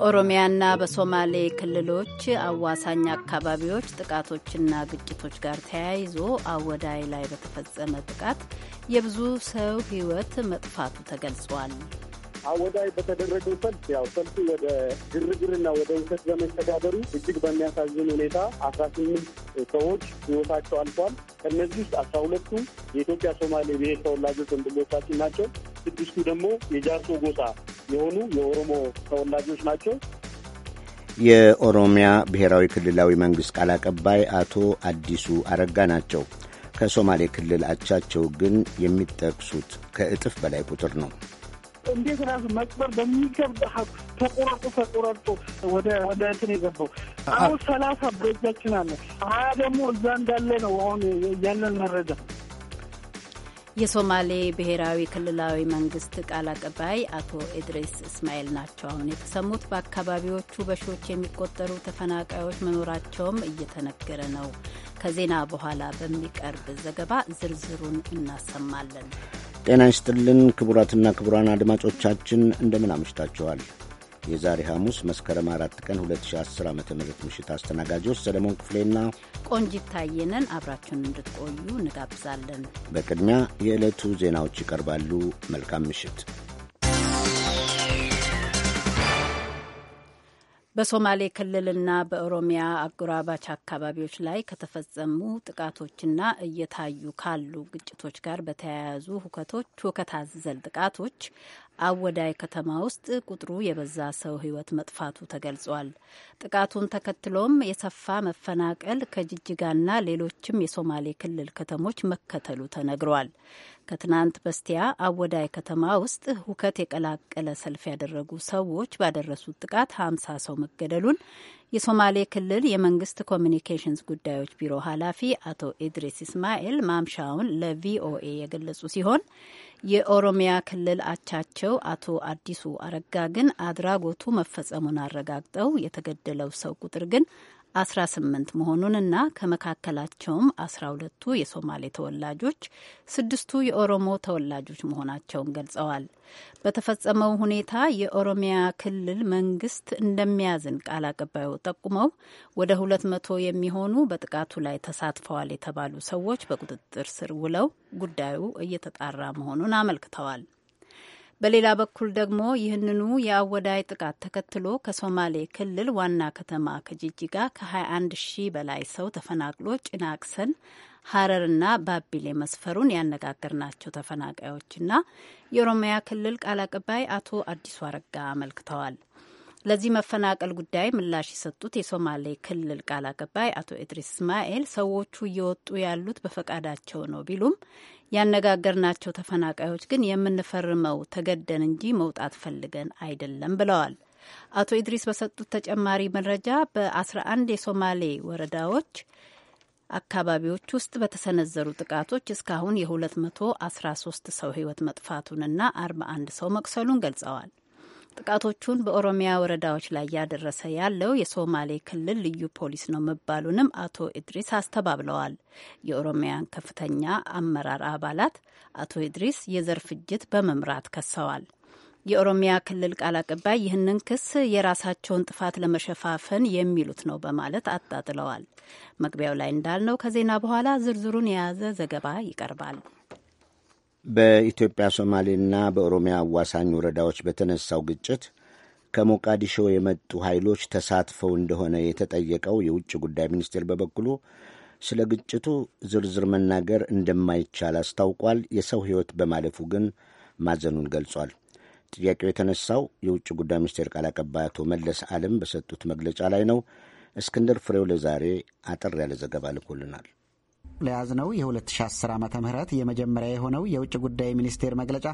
በኦሮሚያና በሶማሌ ክልሎች አዋሳኝ አካባቢዎች ጥቃቶችና ግጭቶች ጋር ተያይዞ አወዳይ ላይ በተፈጸመ ጥቃት የብዙ ሰው ሕይወት መጥፋቱ ተገልጿል። አወዳይ በተደረገው ሰልፍ ያው ሰልፉ ወደ ግርግርና ወደ ውሰት በመተዳደሩ እጅግ በሚያሳዝን ሁኔታ አስራ ስምንት ሰዎች ህይወታቸው አልፏል። ከእነዚህ ውስጥ አስራ ሁለቱ የኢትዮጵያ ሶማሌ ብሔር ተወላጆች ወንድሞቻችን ናቸው። ስድስቱ ደግሞ የጃርሶ ጎሳ የሆኑ የኦሮሞ ተወላጆች ናቸው። የኦሮሚያ ብሔራዊ ክልላዊ መንግሥት ቃል አቀባይ አቶ አዲሱ አረጋ ናቸው። ከሶማሌ ክልል አቻቸው ግን የሚጠቅሱት ከእጥፍ በላይ ቁጥር ነው። እንዴት ራሱ መቅበር በሚገብ ተቆራርጦ ተቆራርጦ ወደ ወደ እንትን የገባው አሁን ሰላሳ በእጃችን አለ። ሀያ ደግሞ እዛ እንዳለ ነው አሁን ያለን መረጃ። የሶማሌ ብሔራዊ ክልላዊ መንግስት ቃል አቀባይ አቶ ኤድሬስ እስማኤል ናቸው አሁን የተሰሙት። በአካባቢዎቹ በሺዎች የሚቆጠሩ ተፈናቃዮች መኖራቸውም እየተነገረ ነው። ከዜና በኋላ በሚቀርብ ዘገባ ዝርዝሩን እናሰማለን። ጤና ይስጥልን ክቡራትና ክቡራን አድማጮቻችን እንደምን አምሽታችኋል። የዛሬ ሐሙስ መስከረም አራት ቀን 2010 ዓ ም ምሽት አስተናጋጆች ሰለሞን ክፍሌና ቆንጂት ታየነን አብራችሁን እንድትቆዩ እንጋብዛለን። በቅድሚያ የዕለቱ ዜናዎች ይቀርባሉ። መልካም ምሽት። በሶማሌ ክልልና በኦሮሚያ አጎራባች አካባቢዎች ላይ ከተፈጸሙ ጥቃቶችና እየታዩ ካሉ ግጭቶች ጋር በተያያዙ ሁከቶች ሁከት አዘል ጥቃቶች አወዳይ ከተማ ውስጥ ቁጥሩ የበዛ ሰው ሕይወት መጥፋቱ ተገልጿል። ጥቃቱን ተከትሎም የሰፋ መፈናቀል ከጅጅጋና ሌሎችም የሶማሌ ክልል ከተሞች መከተሉ ተነግሯል። ከትናንት በስቲያ አወዳይ ከተማ ውስጥ ሁከት የቀላቀለ ሰልፍ ያደረጉ ሰዎች ባደረሱት ጥቃት ሀምሳ ሰው መገደሉን የሶማሌ ክልል የመንግስት ኮሚኒኬሽንስ ጉዳዮች ቢሮ ኃላፊ አቶ ኢድሪስ እስማኤል ማምሻውን ለቪኦኤ የገለጹ ሲሆን የኦሮሚያ ክልል አቻቸው አቶ አዲሱ አረጋ ግን አድራጎቱ መፈጸሙን አረጋግጠው የተገደለው ሰው ቁጥር ግን 18 መሆኑንና ከመካከላቸውም 12ቱ የሶማሌ ተወላጆች፣ ስድስቱ የኦሮሞ ተወላጆች መሆናቸውን ገልጸዋል። በተፈጸመው ሁኔታ የኦሮሚያ ክልል መንግስት እንደሚያዝን ቃል አቀባዩ ጠቁመው ወደ 200 የሚሆኑ በጥቃቱ ላይ ተሳትፈዋል የተባሉ ሰዎች በቁጥጥር ስር ውለው ጉዳዩ እየተጣራ መሆኑን አመልክተዋል። በሌላ በኩል ደግሞ ይህንኑ የአወዳይ ጥቃት ተከትሎ ከሶማሌ ክልል ዋና ከተማ ከጅጅጋ ከ21 ሺህ በላይ ሰው ተፈናቅሎ ጭናቅሰን ሀረርና ባቢሌ መስፈሩን ያነጋገርናቸው ተፈናቃዮችና የኦሮሚያ ክልል ቃል አቀባይ አቶ አዲሱ አረጋ አመልክተዋል። ለዚህ መፈናቀል ጉዳይ ምላሽ የሰጡት የሶማሌ ክልል ቃል አቀባይ አቶ ኢድሪስ እስማኤል ሰዎቹ እየወጡ ያሉት በፈቃዳቸው ነው ቢሉም ያነጋገርናቸው ተፈናቃዮች ግን የምንፈርመው ተገደን እንጂ መውጣት ፈልገን አይደለም ብለዋል። አቶ ኢድሪስ በሰጡት ተጨማሪ መረጃ በ11 የሶማሌ ወረዳዎች አካባቢዎች ውስጥ በተሰነዘሩ ጥቃቶች እስካሁን የ213 ሰው ህይወት መጥፋቱንና 41 ሰው መቁሰሉን ገልጸዋል። ጥቃቶቹን በኦሮሚያ ወረዳዎች ላይ እያደረሰ ያለው የሶማሌ ክልል ልዩ ፖሊስ ነው መባሉንም አቶ ኢድሪስ አስተባብለዋል። የኦሮሚያን ከፍተኛ አመራር አባላት አቶ ኢድሪስ የዘር ፍጅት በመምራት ከሰዋል። የኦሮሚያ ክልል ቃል አቀባይ ይህንን ክስ የራሳቸውን ጥፋት ለመሸፋፈን የሚሉት ነው በማለት አጣጥለዋል። መግቢያው ላይ እንዳልነው ከዜና በኋላ ዝርዝሩን የያዘ ዘገባ ይቀርባል። በኢትዮጵያ ሶማሌና በኦሮሚያ አዋሳኝ ወረዳዎች በተነሳው ግጭት ከሞቃዲሾ የመጡ ኃይሎች ተሳትፈው እንደሆነ የተጠየቀው የውጭ ጉዳይ ሚኒስቴር በበኩሉ ስለ ግጭቱ ዝርዝር መናገር እንደማይቻል አስታውቋል። የሰው ሕይወት በማለፉ ግን ማዘኑን ገልጿል። ጥያቄው የተነሳው የውጭ ጉዳይ ሚኒስቴር ቃል አቀባይ አቶ መለስ አለም በሰጡት መግለጫ ላይ ነው። እስክንድር ፍሬው ለዛሬ አጠር ያለ ዘገባ ልኮልናል። ለያዝነው የ2010 ዓ ም የመጀመሪያ የሆነው የውጭ ጉዳይ ሚኒስቴር መግለጫ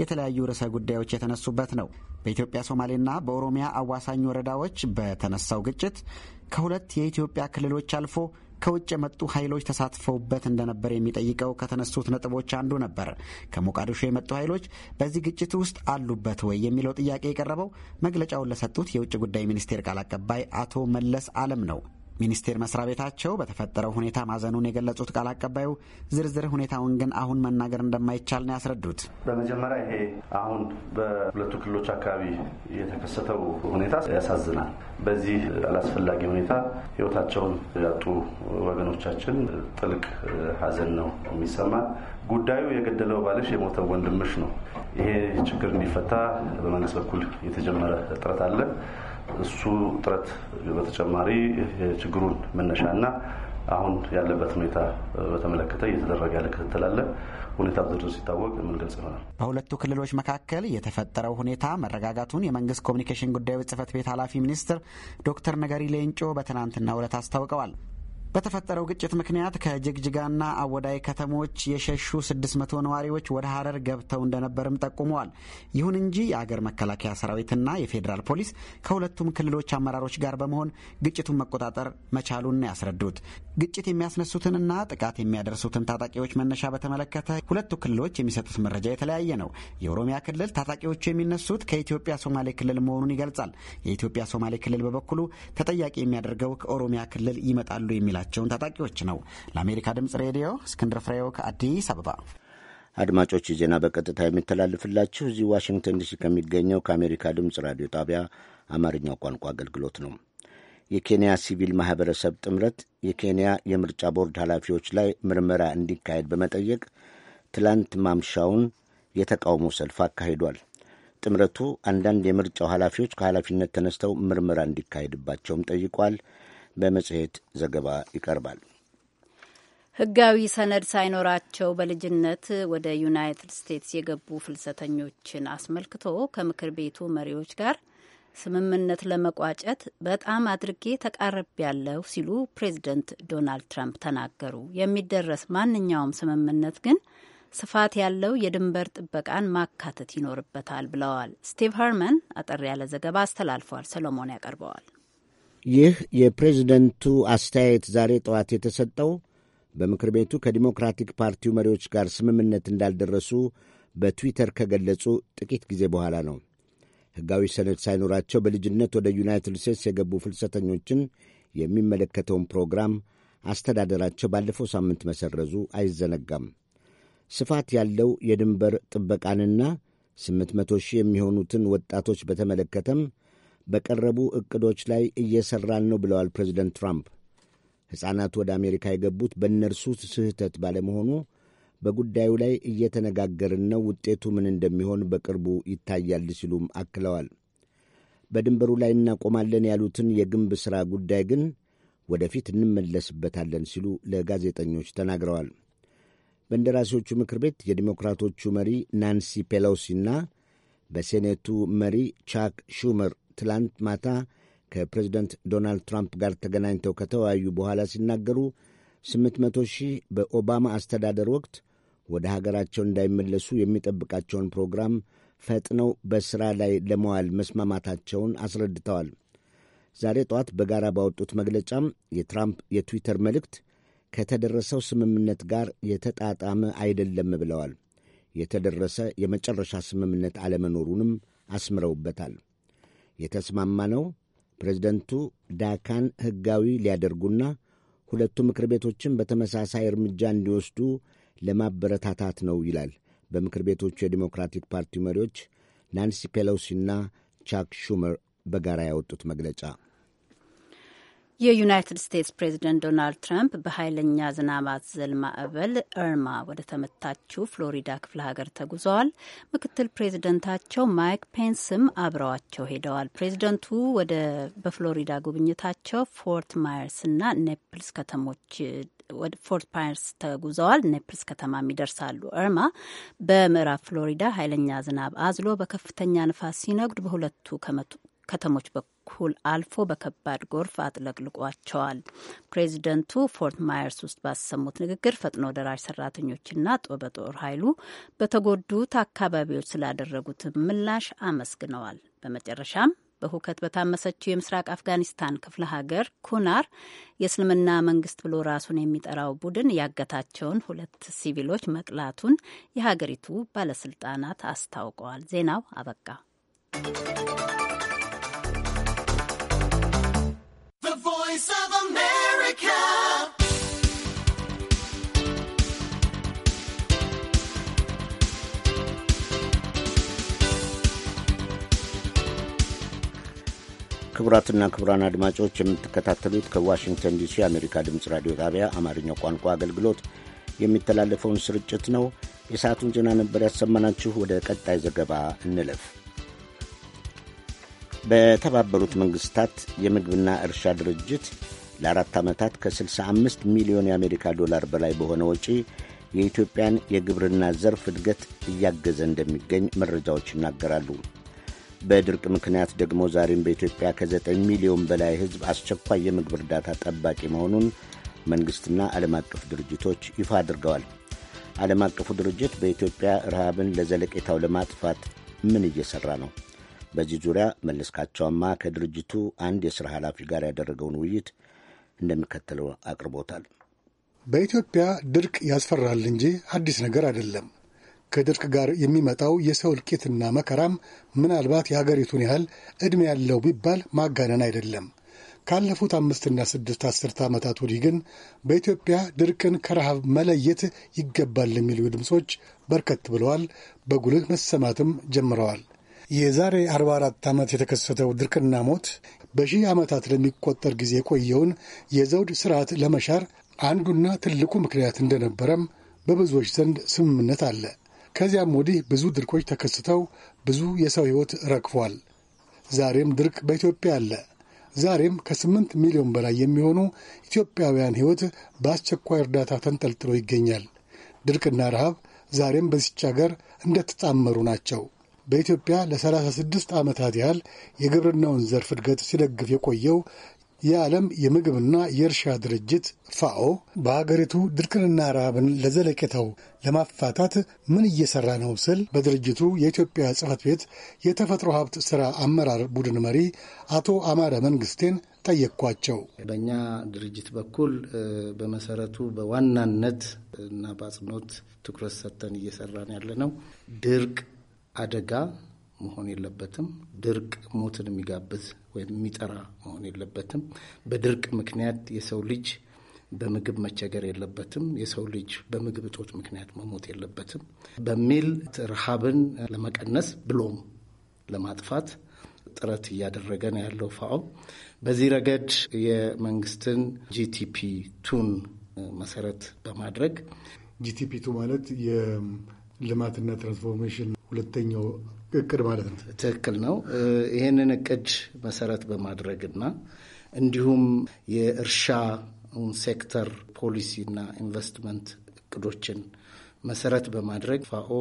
የተለያዩ ርዕሰ ጉዳዮች የተነሱበት ነው። በኢትዮጵያ ሶማሌና በኦሮሚያ አዋሳኝ ወረዳዎች በተነሳው ግጭት ከሁለት የኢትዮጵያ ክልሎች አልፎ ከውጭ የመጡ ኃይሎች ተሳትፈውበት እንደነበር የሚጠይቀው ከተነሱት ነጥቦች አንዱ ነበር። ከሞቃዲሾ የመጡ ኃይሎች በዚህ ግጭት ውስጥ አሉበት ወይ የሚለው ጥያቄ የቀረበው መግለጫውን ለሰጡት የውጭ ጉዳይ ሚኒስቴር ቃል አቀባይ አቶ መለስ አለም ነው። ሚኒስቴር መስሪያ ቤታቸው በተፈጠረው ሁኔታ ማዘኑን የገለጹት ቃል አቀባዩ ዝርዝር ሁኔታውን ግን አሁን መናገር እንደማይቻል ነው ያስረዱት። በመጀመሪያ ይሄ አሁን በሁለቱ ክልሎች አካባቢ የተከሰተው ሁኔታ ያሳዝናል። በዚህ አላስፈላጊ ሁኔታ ሕይወታቸውን ያጡ ወገኖቻችን ጥልቅ ሐዘን ነው የሚሰማ። ጉዳዩ የገደለው ባልሽ የሞተው ወንድምሽ ነው። ይሄ ችግር እንዲፈታ በመንግስት በኩል የተጀመረ ጥረት አለ። እሱ ጥረት በተጨማሪ የችግሩን መነሻና አሁን ያለበት ሁኔታ በተመለከተ እየተደረገ ያለ ክትትል አለ። ሁኔታ ዝርዝር ሲታወቅ የምንገልጽ ይሆናል። በሁለቱ ክልሎች መካከል የተፈጠረው ሁኔታ መረጋጋቱን የመንግስት ኮሚኒኬሽን ጉዳዮች ጽህፈት ቤት ኃላፊ ሚኒስትር ዶክተር ነገሪ ሌንጮ በትናንትናው ዕለት አስታውቀዋል። በተፈጠረው ግጭት ምክንያት ከጅግጅጋና አወዳይ ከተሞች የሸሹ 600 ነዋሪዎች ወደ ሀረር ገብተው እንደነበርም ጠቁመዋል። ይሁን እንጂ የአገር መከላከያ ሰራዊትና የፌዴራል ፖሊስ ከሁለቱም ክልሎች አመራሮች ጋር በመሆን ግጭቱን መቆጣጠር መቻሉን ያስረዱት ግጭት የሚያስነሱትንና ጥቃት የሚያደርሱትን ታጣቂዎች መነሻ በተመለከተ ሁለቱ ክልሎች የሚሰጡት መረጃ የተለያየ ነው። የኦሮሚያ ክልል ታጣቂዎቹ የሚነሱት ከኢትዮጵያ ሶማሌ ክልል መሆኑን ይገልጻል። የኢትዮጵያ ሶማሌ ክልል በበኩሉ ተጠያቂ የሚያደርገው ከኦሮሚያ ክልል ይመጣሉ የሚላል ያላቸውን ታጣቂዎች ነው። ለአሜሪካ ድምጽ ሬዲዮ እስክንድር ፍሬው ከአዲስ አበባ። አድማጮች ዜና በቀጥታ የሚተላልፍላችሁ እዚህ ዋሽንግተን ዲሲ ከሚገኘው ከአሜሪካ ድምፅ ራዲዮ ጣቢያ አማርኛው ቋንቋ አገልግሎት ነው። የኬንያ ሲቪል ማህበረሰብ ጥምረት የኬንያ የምርጫ ቦርድ ኃላፊዎች ላይ ምርመራ እንዲካሄድ በመጠየቅ ትላንት ማምሻውን የተቃውሞ ሰልፍ አካሂዷል። ጥምረቱ አንዳንድ የምርጫው ኃላፊዎች ከኃላፊነት ተነስተው ምርመራ እንዲካሄድባቸውም ጠይቋል። በመጽሔት ዘገባ ይቀርባል። ሕጋዊ ሰነድ ሳይኖራቸው በልጅነት ወደ ዩናይትድ ስቴትስ የገቡ ፍልሰተኞችን አስመልክቶ ከምክር ቤቱ መሪዎች ጋር ስምምነት ለመቋጨት በጣም አድርጌ ያለው ሲሉ ፕሬዚደንት ዶናልድ ትራምፕ ተናገሩ። የሚደረስ ማንኛውም ስምምነት ግን ስፋት ያለው የድንበር ጥበቃን ማካተት ይኖርበታል ብለዋል። ስቲቭ ሀርመን አጠር ያለ ዘገባ አስተላልፏል። ሰሎሞን ያቀርበዋል። ይህ የፕሬዚደንቱ አስተያየት ዛሬ ጠዋት የተሰጠው በምክር ቤቱ ከዲሞክራቲክ ፓርቲው መሪዎች ጋር ስምምነት እንዳልደረሱ በትዊተር ከገለጹ ጥቂት ጊዜ በኋላ ነው። ሕጋዊ ሰነድ ሳይኖራቸው በልጅነት ወደ ዩናይትድ ስቴትስ የገቡ ፍልሰተኞችን የሚመለከተውን ፕሮግራም አስተዳደራቸው ባለፈው ሳምንት መሰረዙ አይዘነጋም። ስፋት ያለው የድንበር ጥበቃንና 800 ሺህ የሚሆኑትን ወጣቶች በተመለከተም በቀረቡ ዕቅዶች ላይ እየሠራን ነው ብለዋል ፕሬዚደንት ትራምፕ። ሕፃናት ወደ አሜሪካ የገቡት በእነርሱ ስህተት ባለመሆኑ በጉዳዩ ላይ እየተነጋገርን ነው፣ ውጤቱ ምን እንደሚሆን በቅርቡ ይታያል ሲሉም አክለዋል። በድንበሩ ላይ እናቆማለን ያሉትን የግንብ ሥራ ጉዳይ ግን ወደፊት እንመለስበታለን ሲሉ ለጋዜጠኞች ተናግረዋል። በእንደራሴዎቹ ምክር ቤት የዲሞክራቶቹ መሪ ናንሲ ፔሎሲና በሴኔቱ መሪ ቻክ ሹመር ትላንት ማታ ከፕሬዚደንት ዶናልድ ትራምፕ ጋር ተገናኝተው ከተወያዩ በኋላ ሲናገሩ 800 ሺህ በኦባማ አስተዳደር ወቅት ወደ ሀገራቸው እንዳይመለሱ የሚጠብቃቸውን ፕሮግራም ፈጥነው በሥራ ላይ ለመዋል መስማማታቸውን አስረድተዋል። ዛሬ ጠዋት በጋራ ባወጡት መግለጫም የትራምፕ የትዊተር መልእክት ከተደረሰው ስምምነት ጋር የተጣጣመ አይደለም ብለዋል። የተደረሰ የመጨረሻ ስምምነት አለመኖሩንም አስምረውበታል። የተስማማነው ፕሬዝደንቱ ዳካን ሕጋዊ ሊያደርጉና ሁለቱ ምክር ቤቶችም በተመሳሳይ እርምጃ እንዲወስዱ ለማበረታታት ነው ይላል በምክር ቤቶቹ የዲሞክራቲክ ፓርቲ መሪዎች ናንሲ ፔሎሲና ቻክ ሹመር በጋራ ያወጡት መግለጫ። የዩናይትድ ስቴትስ ፕሬዝደንት ዶናልድ ትራምፕ በኃይለኛ ዝናብ አዘል ማዕበል እርማ ወደ ተመታችው ፍሎሪዳ ክፍለ ሀገር ተጉዘዋል። ምክትል ፕሬዝደንታቸው ማይክ ፔንስም አብረዋቸው ሄደዋል። ፕሬዝደንቱ ወደ በፍሎሪዳ ጉብኝታቸው ፎርት ማየርስና ኔፕልስ ከተሞች ወደ ፎርት ፓየርስ ተጉዘዋል። ኔፕልስ ከተማም ይደርሳሉ። እርማ በምዕራብ ፍሎሪዳ ኃይለኛ ዝናብ አዝሎ በከፍተኛ ንፋስ ሲነጉድ በሁለቱ ከተሞች በኩል አልፎ በከባድ ጎርፍ አጥለቅልቋቸዋል። ፕሬዚደንቱ ፎርት ማየርስ ውስጥ ባሰሙት ንግግር ፈጥኖ ደራሽ ሰራተኞችና በጦር ኃይሉ በተጎዱት አካባቢዎች ስላደረጉት ምላሽ አመስግነዋል። በመጨረሻም በሁከት በታመሰችው የምስራቅ አፍጋኒስታን ክፍለ ሀገር ኩናር የእስልምና መንግስት ብሎ ራሱን የሚጠራው ቡድን ያገታቸውን ሁለት ሲቪሎች መቅላቱን የሀገሪቱ ባለስልጣናት አስታውቀዋል። ዜናው አበቃ። ክቡራትና ክቡራን አድማጮች የምትከታተሉት ከዋሽንግተን ዲሲ የአሜሪካ ድምፅ ራዲዮ ጣቢያ አማርኛው ቋንቋ አገልግሎት የሚተላለፈውን ስርጭት ነው። የሰዓቱን ዜና ነበር ያሰማናችሁ። ወደ ቀጣይ ዘገባ እንለፍ። በተባበሩት መንግስታት የምግብና እርሻ ድርጅት ለአራት ዓመታት ከ65 ሚሊዮን የአሜሪካ ዶላር በላይ በሆነ ወጪ የኢትዮጵያን የግብርና ዘርፍ እድገት እያገዘ እንደሚገኝ መረጃዎች ይናገራሉ። በድርቅ ምክንያት ደግሞ ዛሬም በኢትዮጵያ ከ9 ሚሊዮን በላይ ሕዝብ አስቸኳይ የምግብ እርዳታ ጠባቂ መሆኑን መንግሥትና ዓለም አቀፍ ድርጅቶች ይፋ አድርገዋል። ዓለም አቀፉ ድርጅት በኢትዮጵያ ረሃብን ለዘለቄታው ለማጥፋት ምን እየሠራ ነው? በዚህ ዙሪያ መለስካቸውማ ከድርጅቱ አንድ የሥራ ኃላፊ ጋር ያደረገውን ውይይት እንደሚከተለው አቅርቦታል። በኢትዮጵያ ድርቅ ያስፈራል እንጂ አዲስ ነገር አይደለም። ከድርቅ ጋር የሚመጣው የሰው እልቂትና መከራም ምናልባት የሀገሪቱን ያህል ዕድሜ ያለው ቢባል ማጋነን አይደለም። ካለፉት አምስትና ስድስት አስርተ ዓመታት ወዲህ ግን በኢትዮጵያ ድርቅን ከረሃብ መለየት ይገባል የሚሉ ድምፆች በርከት ብለዋል፣ በጉልህ መሰማትም ጀምረዋል። የዛሬ 44 ዓመት የተከሰተው ድርቅና ሞት በሺህ ዓመታት ለሚቆጠር ጊዜ የቆየውን የዘውድ ስርዓት ለመሻር አንዱና ትልቁ ምክንያት እንደነበረም በብዙዎች ዘንድ ስምምነት አለ። ከዚያም ወዲህ ብዙ ድርቆች ተከስተው ብዙ የሰው ሕይወት ረግፏል። ዛሬም ድርቅ በኢትዮጵያ አለ። ዛሬም ከስምንት ሚሊዮን በላይ የሚሆኑ ኢትዮጵያውያን ሕይወት በአስቸኳይ እርዳታ ተንጠልጥሎ ይገኛል። ድርቅና ረሃብ ዛሬም በዚች አገር እንደተጣመሩ ናቸው። በኢትዮጵያ ለ36 ዓመታት ያህል የግብርናውን ዘርፍ እድገት ሲደግፍ የቆየው የዓለም የምግብና የእርሻ ድርጅት ፋኦ በሀገሪቱ ድርቅንና ረሃብን ለዘለቄታው ለማፋታት ምን እየሰራ ነው ስል በድርጅቱ የኢትዮጵያ ጽህፈት ቤት የተፈጥሮ ሀብት ሥራ አመራር ቡድን መሪ አቶ አማረ መንግስቴን ጠየቅኳቸው። በእኛ ድርጅት በኩል በመሰረቱ በዋናነት እና በአጽንኦት ትኩረት ሰጥተን እየሰራን ያለ ነው ድርቅ አደጋ መሆን የለበትም። ድርቅ ሞትን የሚጋብዝ ወይም የሚጠራ መሆን የለበትም። በድርቅ ምክንያት የሰው ልጅ በምግብ መቸገር የለበትም። የሰው ልጅ በምግብ እጦት ምክንያት መሞት የለበትም በሚል ረሃብን ለመቀነስ ብሎም ለማጥፋት ጥረት እያደረገ ነው ያለው ፋኦ። በዚህ ረገድ የመንግስትን ጂቲፒ ቱን መሰረት በማድረግ ጂቲፒ ቱ ማለት የልማትና ትራንስፎርሜሽን ሁለተኛው እቅድ ማለት ነው። ትክክል ነው። ይህንን እቅድ መሰረት በማድረግና እንዲሁም የእርሻ ሴክተር ፖሊሲና ኢንቨስትመንት እቅዶችን መሰረት በማድረግ ፋኦ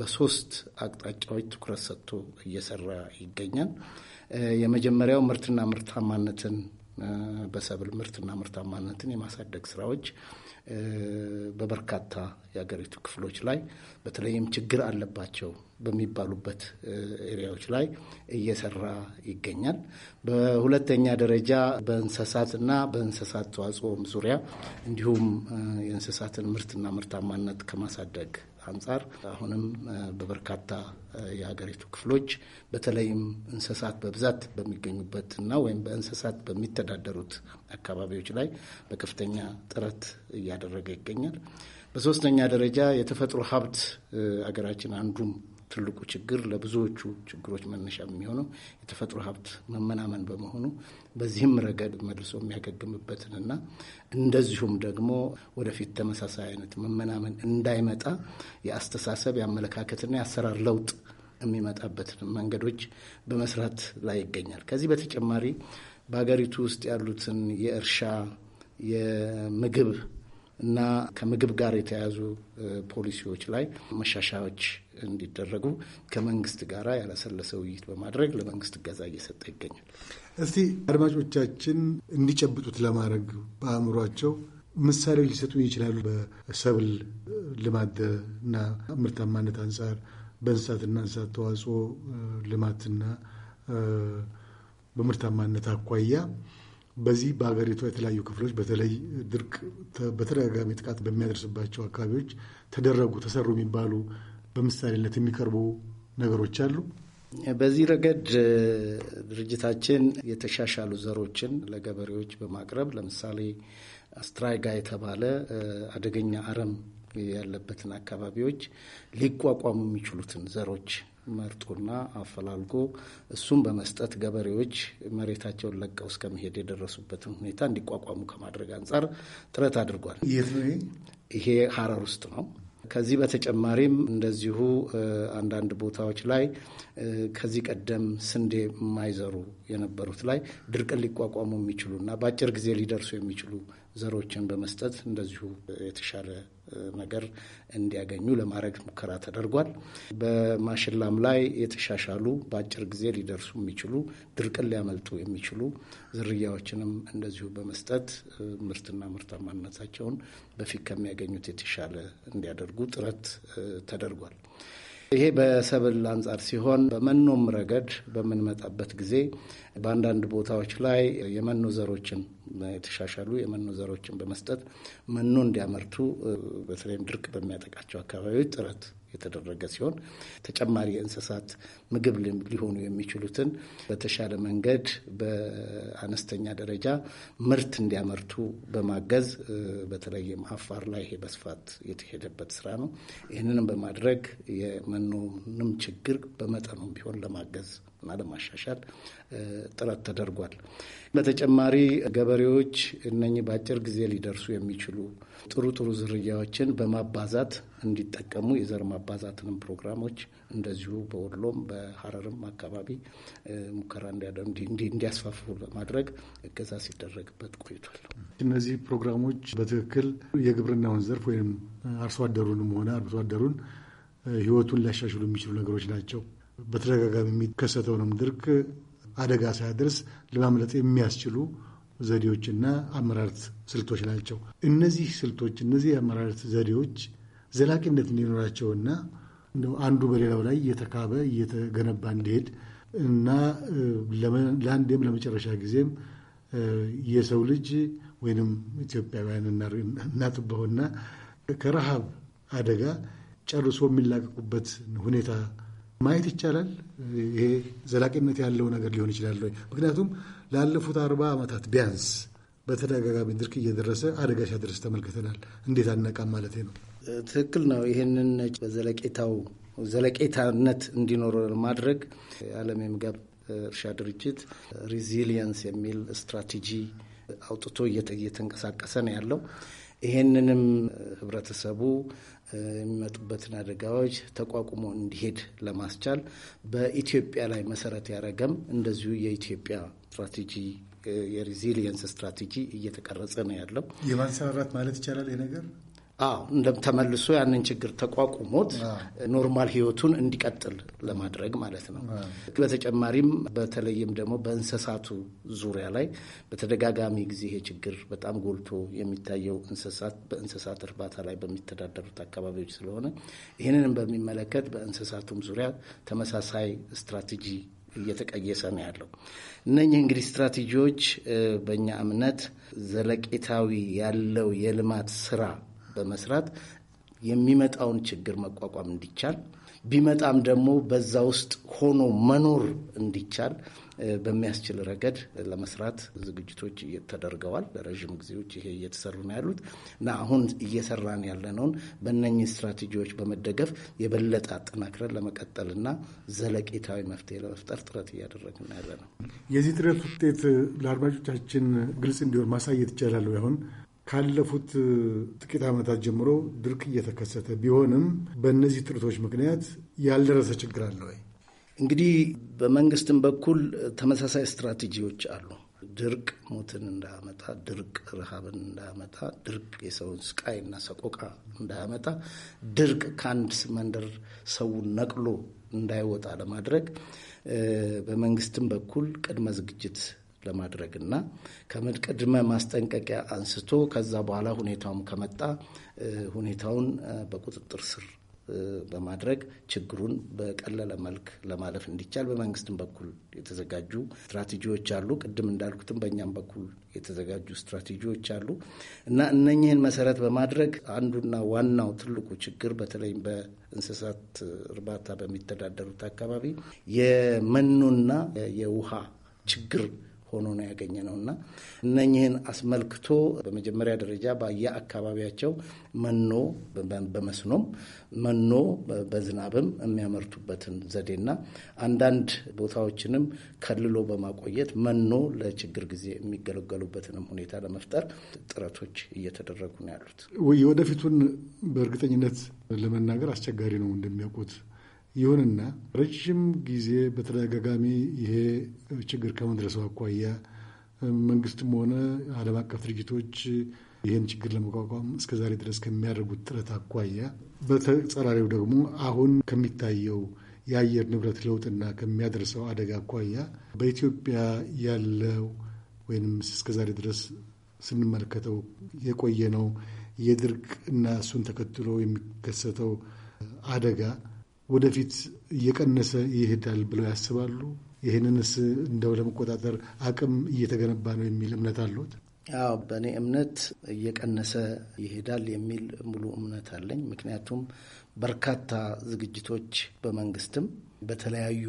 በሶስት አቅጣጫዎች ትኩረት ሰጥቶ እየሰራ ይገኛል። የመጀመሪያው ምርትና ምርታማነትን በሰብል ምርትና ምርታማነትን የማሳደግ ስራዎች በበርካታ የሀገሪቱ ክፍሎች ላይ በተለይም ችግር አለባቸው በሚባሉበት ኤሪያዎች ላይ እየሰራ ይገኛል። በሁለተኛ ደረጃ በእንስሳትና በእንስሳት ተዋጽኦም ዙሪያ እንዲሁም የእንስሳትን ምርትና ምርታማነት ከማሳደግ አንጻር አሁንም በበርካታ የሀገሪቱ ክፍሎች በተለይም እንስሳት በብዛት በሚገኙበትና ወይም በእንስሳት በሚተዳደሩት አካባቢዎች ላይ በከፍተኛ ጥረት እያደረገ ይገኛል። በሶስተኛ ደረጃ የተፈጥሮ ሀብት አገራችን አንዱም ትልቁ ችግር ለብዙዎቹ ችግሮች መነሻ የሚሆነው የተፈጥሮ ሀብት መመናመን በመሆኑ በዚህም ረገድ መልሶ የሚያገግምበትንና እንደዚሁም ደግሞ ወደፊት ተመሳሳይ አይነት መመናመን እንዳይመጣ የአስተሳሰብ የአመለካከትና የአሰራር ለውጥ የሚመጣበትን መንገዶች በመስራት ላይ ይገኛል። ከዚህ በተጨማሪ በሀገሪቱ ውስጥ ያሉትን የእርሻ የምግብ እና ከምግብ ጋር የተያያዙ ፖሊሲዎች ላይ መሻሻያዎች እንዲደረጉ ከመንግስት ጋር ያለሰለሰ ውይይት በማድረግ ለመንግስት እገዛ እየሰጠ ይገኛል። እስቲ አድማጮቻችን እንዲጨብጡት ለማድረግ በአእምሯቸው ምሳሌ ሊሰጡ ይችላሉ። በሰብል ልማት እና ምርታማነት አንጻር በእንስሳትና እንስሳት ተዋጽኦ ልማትና በምርታማነት አኳያ በዚህ በሀገሪቷ የተለያዩ ክፍሎች በተለይ ድርቅ በተደጋጋሚ ጥቃት በሚያደርስባቸው አካባቢዎች ተደረጉ ተሰሩ የሚባሉ በምሳሌነት የሚቀርቡ ነገሮች አሉ። በዚህ ረገድ ድርጅታችን የተሻሻሉ ዘሮችን ለገበሬዎች በማቅረብ ለምሳሌ አስትራይጋ የተባለ አደገኛ አረም ያለበትን አካባቢዎች ሊቋቋሙ የሚችሉትን ዘሮች መርጦና አፈላልጎ እሱም በመስጠት ገበሬዎች መሬታቸውን ለቀው እስከመሄድ የደረሱበትን ሁኔታ እንዲቋቋሙ ከማድረግ አንጻር ጥረት አድርጓል። ይህ ይሄ ሀረር ውስጥ ነው። ከዚህ በተጨማሪም እንደዚሁ አንዳንድ ቦታዎች ላይ ከዚህ ቀደም ስንዴ የማይዘሩ የነበሩት ላይ ድርቅን ሊቋቋሙ የሚችሉ እና በአጭር ጊዜ ሊደርሱ የሚችሉ ዘሮችን በመስጠት እንደዚሁ የተሻለ ነገር እንዲያገኙ ለማድረግ ሙከራ ተደርጓል። በማሽላም ላይ የተሻሻሉ በአጭር ጊዜ ሊደርሱ የሚችሉ ድርቅን ሊያመልጡ የሚችሉ ዝርያዎችንም እንደዚሁ በመስጠት ምርትና ምርታማነታቸውን በፊት ከሚያገኙት የተሻለ እንዲያደርጉ ጥረት ተደርጓል። ይሄ በሰብል አንጻር ሲሆን በመኖም ረገድ በምንመጣበት ጊዜ በአንዳንድ ቦታዎች ላይ የመኖ ዘሮችን የተሻሻሉ የመኖ ዘሮችን በመስጠት መኖ እንዲያመርቱ በተለይም ድርቅ በሚያጠቃቸው አካባቢዎች ጥረት የተደረገ ሲሆን ተጨማሪ እንስሳት ምግብ ሊሆኑ የሚችሉትን በተሻለ መንገድ በአነስተኛ ደረጃ ምርት እንዲያመርቱ በማገዝ በተለይም አፋር ላይ ይሄ በስፋት የተሄደበት ስራ ነው። ይህንንም በማድረግ የመኖንም ችግር በመጠኑም ቢሆን ለማገዝ እና ለማሻሻል ጥረት ተደርጓል። በተጨማሪ ገበሬዎች እነኚህ በአጭር ጊዜ ሊደርሱ የሚችሉ ጥሩ ጥሩ ዝርያዎችን በማባዛት እንዲጠቀሙ የዘር ማባዛትንም ፕሮግራሞች እንደዚሁ በወሎም በሀረርም አካባቢ ሙከራ እንዲያስፋፉ ለማድረግ እገዛ ሲደረግበት ቆይቷል። እነዚህ ፕሮግራሞች በትክክል የግብርናውን ዘርፍ ወይም አርሶ አደሩንም ሆነ አርብቶ አደሩን ህይወቱን ሊያሻሽሉ የሚችሉ ነገሮች ናቸው። በተደጋጋሚ የሚከሰተውንም ድርቅ አደጋ ሳያደርስ ለማምለጥ የሚያስችሉ ዘዴዎችና አመራረት ስልቶች ናቸው። እነዚህ ስልቶች እነዚህ የአመራረት ዘዴዎች ዘላቂነት እንዲኖራቸውና አንዱ በሌላው ላይ እየተካበ እየተገነባ እንዲሄድ እና ለአንዴም ለመጨረሻ ጊዜም የሰው ልጅ ወይንም ኢትዮጵያውያን እናጥበውና ከረሃብ አደጋ ጨርሶ የሚላቀቁበት ሁኔታ ማየት ይቻላል። ይሄ ዘላቂነት ያለው ነገር ሊሆን ይችላል ወይ? ምክንያቱም ላለፉት አርባ ዓመታት ቢያንስ በተደጋጋሚ ድርቅ እየደረሰ አደጋ ሲያደርስ ተመልክተናል። እንዴት አነቃም ማለት ነው። ትክክል ነው። ይህንን በዘለቄታው ዘለቄታነት እንዲኖረ ለማድረግ የዓለም የምግብ እርሻ ድርጅት ሪዚሊየንስ የሚል ስትራቴጂ አውጥቶ እየተንቀሳቀሰ ነው ያለው። ይህንንም ህብረተሰቡ የሚመጡበትን አደጋዎች ተቋቁሞ እንዲሄድ ለማስቻል በኢትዮጵያ ላይ መሰረት ያደረገም እንደዚሁ የኢትዮጵያ ስትራቴጂ የሪዚሊየንስ ስትራቴጂ እየተቀረጸ ነው ያለው። የማንሰራራት ማለት ይቻላል ይህ ነገር አዎ እንደተመልሶ ያንን ችግር ተቋቁሞት ኖርማል ህይወቱን እንዲቀጥል ለማድረግ ማለት ነው። በተጨማሪም በተለይም ደግሞ በእንስሳቱ ዙሪያ ላይ በተደጋጋሚ ጊዜ ይሄ ችግር በጣም ጎልቶ የሚታየው እንስሳት በእንስሳት እርባታ ላይ በሚተዳደሩት አካባቢዎች ስለሆነ ይህንንም በሚመለከት በእንስሳቱም ዙሪያ ተመሳሳይ ስትራቴጂ እየተቀየሰ ነው ያለው። እነኚህ እንግዲህ ስትራቴጂዎች በእኛ እምነት ዘለቄታዊ ያለው የልማት ስራ በመስራት የሚመጣውን ችግር መቋቋም እንዲቻል ቢመጣም ደግሞ በዛ ውስጥ ሆኖ መኖር እንዲቻል በሚያስችል ረገድ ለመስራት ዝግጅቶች ተደርገዋል። ለረዥም ጊዜዎች ይሄ እየተሰሩ ነው ያሉት እና አሁን እየሰራን ያለነውን በእነኚህ ስትራቴጂዎች በመደገፍ የበለጠ አጠናክረን ለመቀጠልና ዘለቄታዊ መፍትሄ ለመፍጠር ጥረት እያደረግን ያለ ነው። የዚህ ጥረት ውጤት ለአድማጮቻችን ግልጽ እንዲሆን ማሳየት ይቻላል አሁን ካለፉት ጥቂት ዓመታት ጀምሮ ድርቅ እየተከሰተ ቢሆንም በእነዚህ ጥረቶች ምክንያት ያልደረሰ ችግር አለ ወይ? እንግዲህ በመንግስትም በኩል ተመሳሳይ ስትራቴጂዎች አሉ። ድርቅ ሞትን እንዳያመጣ፣ ድርቅ ረሃብን እንዳያመጣ፣ ድርቅ የሰውን እና ሰቆቃ እንዳያመጣ፣ ድርቅ ከአንድ መንደር ሰውን ነቅሎ እንዳይወጣ ለማድረግ በመንግስትም በኩል ቅድመ ዝግጅት ለማድረግና ከቅድመ ማስጠንቀቂያ አንስቶ ከዛ በኋላ ሁኔታውም ከመጣ ሁኔታውን በቁጥጥር ስር በማድረግ ችግሩን በቀለለ መልክ ለማለፍ እንዲቻል በመንግስትም በኩል የተዘጋጁ ስትራቴጂዎች አሉ። ቅድም እንዳልኩትም በእኛም በኩል የተዘጋጁ ስትራቴጂዎች አሉ እና እነኚህን መሰረት በማድረግ አንዱና ዋናው ትልቁ ችግር በተለይም በእንስሳት እርባታ በሚተዳደሩት አካባቢ የመኖና የውሃ ችግር ሆኖ ነው ያገኘ ነው እና እነኝህን አስመልክቶ በመጀመሪያ ደረጃ በየአካባቢያቸው መኖ በመስኖም መኖ በዝናብም የሚያመርቱበትን ዘዴና አንዳንድ ቦታዎችንም ከልሎ በማቆየት መኖ ለችግር ጊዜ የሚገለገሉበትንም ሁኔታ ለመፍጠር ጥረቶች እየተደረጉ ነው ያሉት። ወደፊቱን በእርግጠኝነት ለመናገር አስቸጋሪ ነው እንደሚያውቁት ይሁንና ረጅም ጊዜ በተደጋጋሚ ይሄ ችግር ከመድረሰው አኳያ መንግስትም ሆነ ዓለም አቀፍ ድርጅቶች ይህን ችግር ለመቋቋም እስከዛሬ ድረስ ከሚያደርጉት ጥረት አኳያ በተጸራሪው ደግሞ አሁን ከሚታየው የአየር ንብረት ለውጥና ከሚያደርሰው አደጋ አኳያ በኢትዮጵያ ያለው ወይም እስከዛሬ ድረስ ስንመለከተው የቆየ ነው የድርቅ እና እሱን ተከትሎ የሚከሰተው አደጋ ወደፊት እየቀነሰ ይሄዳል ብለው ያስባሉ? ይህንንስ እንደው ለመቆጣጠር አቅም እየተገነባ ነው የሚል እምነት አለት? አዎ በእኔ እምነት እየቀነሰ ይሄዳል የሚል ሙሉ እምነት አለኝ። ምክንያቱም በርካታ ዝግጅቶች በመንግስትም በተለያዩ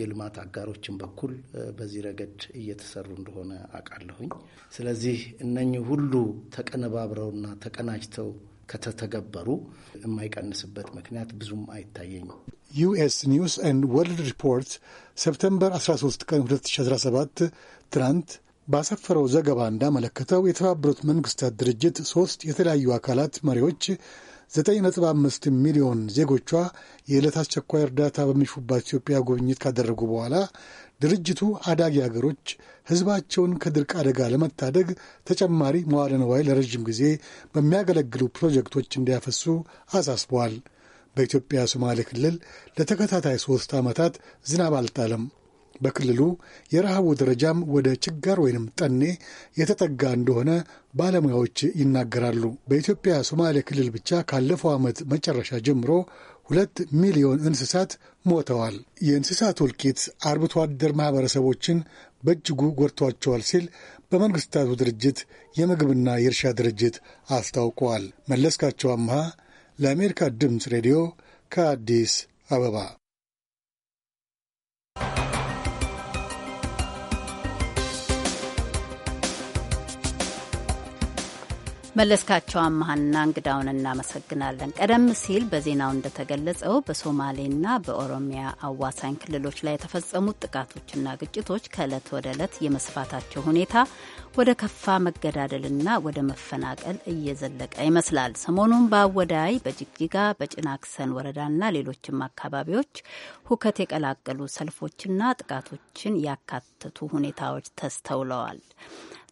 የልማት አጋሮችን በኩል በዚህ ረገድ እየተሰሩ እንደሆነ አውቃለሁኝ። ስለዚህ እነኚህ ሁሉ ተቀነባብረውና ተቀናጅተው ከተተገበሩ የማይቀንስበት ምክንያት ብዙም አይታየኝ። ዩኤስ ኒውስ ኤንድ ወርልድ ሪፖርት ሰፕተምበር 13 ቀን 2017 ትናንት ባሰፈረው ዘገባ እንዳመለከተው የተባበሩት መንግስታት ድርጅት ሶስት የተለያዩ አካላት መሪዎች 9.5 ሚሊዮን ዜጎቿ የዕለት አስቸኳይ እርዳታ በሚሹባት ኢትዮጵያ ጉብኝት ካደረጉ በኋላ ድርጅቱ አዳጊ አገሮች ሕዝባቸውን ከድርቅ አደጋ ለመታደግ ተጨማሪ መዋለ ንዋይ ለረዥም ጊዜ በሚያገለግሉ ፕሮጀክቶች እንዲያፈሱ አሳስበዋል። በኢትዮጵያ ሶማሌ ክልል ለተከታታይ ሦስት ዓመታት ዝናብ አልጣለም። በክልሉ የረሃቡ ደረጃም ወደ ችጋር ወይንም ጠኔ የተጠጋ እንደሆነ ባለሙያዎች ይናገራሉ። በኢትዮጵያ ሶማሌ ክልል ብቻ ካለፈው ዓመት መጨረሻ ጀምሮ ሁለት ሚሊዮን እንስሳት ሞተዋል። የእንስሳት እልቂት አርብቶ አደር ማኅበረሰቦችን በእጅጉ ጎድቷቸዋል ሲል በመንግሥታቱ ድርጅት የምግብና የእርሻ ድርጅት አስታውቀዋል። መለስካቸው አምሃ ለአሜሪካ ድምፅ ሬዲዮ ከአዲስ አበባ መለስካቸው አመሀና እንግዳውን እናመሰግናለን። ቀደም ሲል በዜናው እንደተገለጸው በሶማሌና በኦሮሚያ አዋሳኝ ክልሎች ላይ የተፈጸሙት ጥቃቶችና ግጭቶች ከዕለት ወደ ዕለት የመስፋታቸው ሁኔታ ወደ ከፋ መገዳደልና ወደ መፈናቀል እየዘለቀ ይመስላል። ሰሞኑን በአወዳይ፣ በጅግጅጋ፣ በጭናክሰን ወረዳና ሌሎችም አካባቢዎች ሁከት የቀላቀሉ ሰልፎችና ጥቃቶችን ያካተቱ ሁኔታዎች ተስተውለዋል።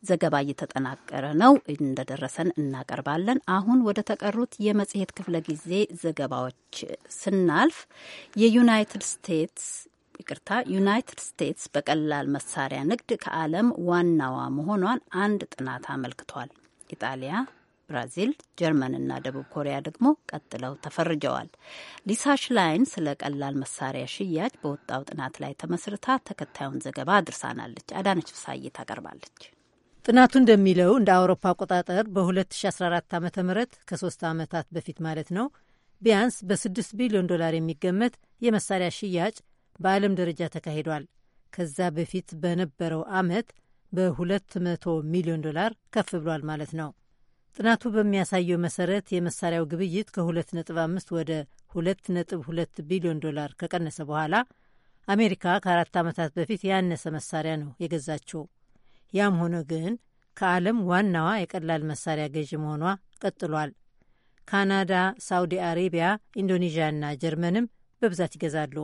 ዘገባ እየተጠናቀረ ነው፣ እንደደረሰን እናቀርባለን። አሁን ወደ ተቀሩት የመጽሔት ክፍለ ጊዜ ዘገባዎች ስናልፍ የዩናይትድ ስቴትስ ይቅርታ፣ ዩናይትድ ስቴትስ በቀላል መሳሪያ ንግድ ከዓለም ዋናዋ መሆኗን አንድ ጥናት አመልክቷል። ኢጣሊያ፣ ብራዚል፣ ጀርመንና ደቡብ ኮሪያ ደግሞ ቀጥለው ተፈርጀዋል። ሊሳ ሽላይን ስለ ቀላል መሳሪያ ሽያጭ በወጣው ጥናት ላይ ተመስርታ ተከታዩን ዘገባ አድርሳናለች። አዳነች ፍሳዬ ታቀርባለች። ጥናቱ እንደሚለው እንደ አውሮፓ አቆጣጠር በ2014 ዓ ም ከሶስት ዓመታት በፊት ማለት ነው ቢያንስ በ6 ቢሊዮን ዶላር የሚገመት የመሳሪያ ሽያጭ በዓለም ደረጃ ተካሂዷል። ከዛ በፊት በነበረው ዓመት በ200 ሚሊዮን ዶላር ከፍ ብሏል ማለት ነው። ጥናቱ በሚያሳየው መሰረት የመሳሪያው ግብይት ከ2.5 ወደ 2.2 ቢሊዮን ዶላር ከቀነሰ በኋላ አሜሪካ ከአራት ዓመታት በፊት ያነሰ መሳሪያ ነው የገዛችው። ያም ሆነ ግን ከዓለም ዋናዋ የቀላል መሳሪያ ገዢ መሆኗ ቀጥሏል። ካናዳ፣ ሳውዲ አሬቢያ፣ ኢንዶኔዥያና ጀርመንም በብዛት ይገዛሉ።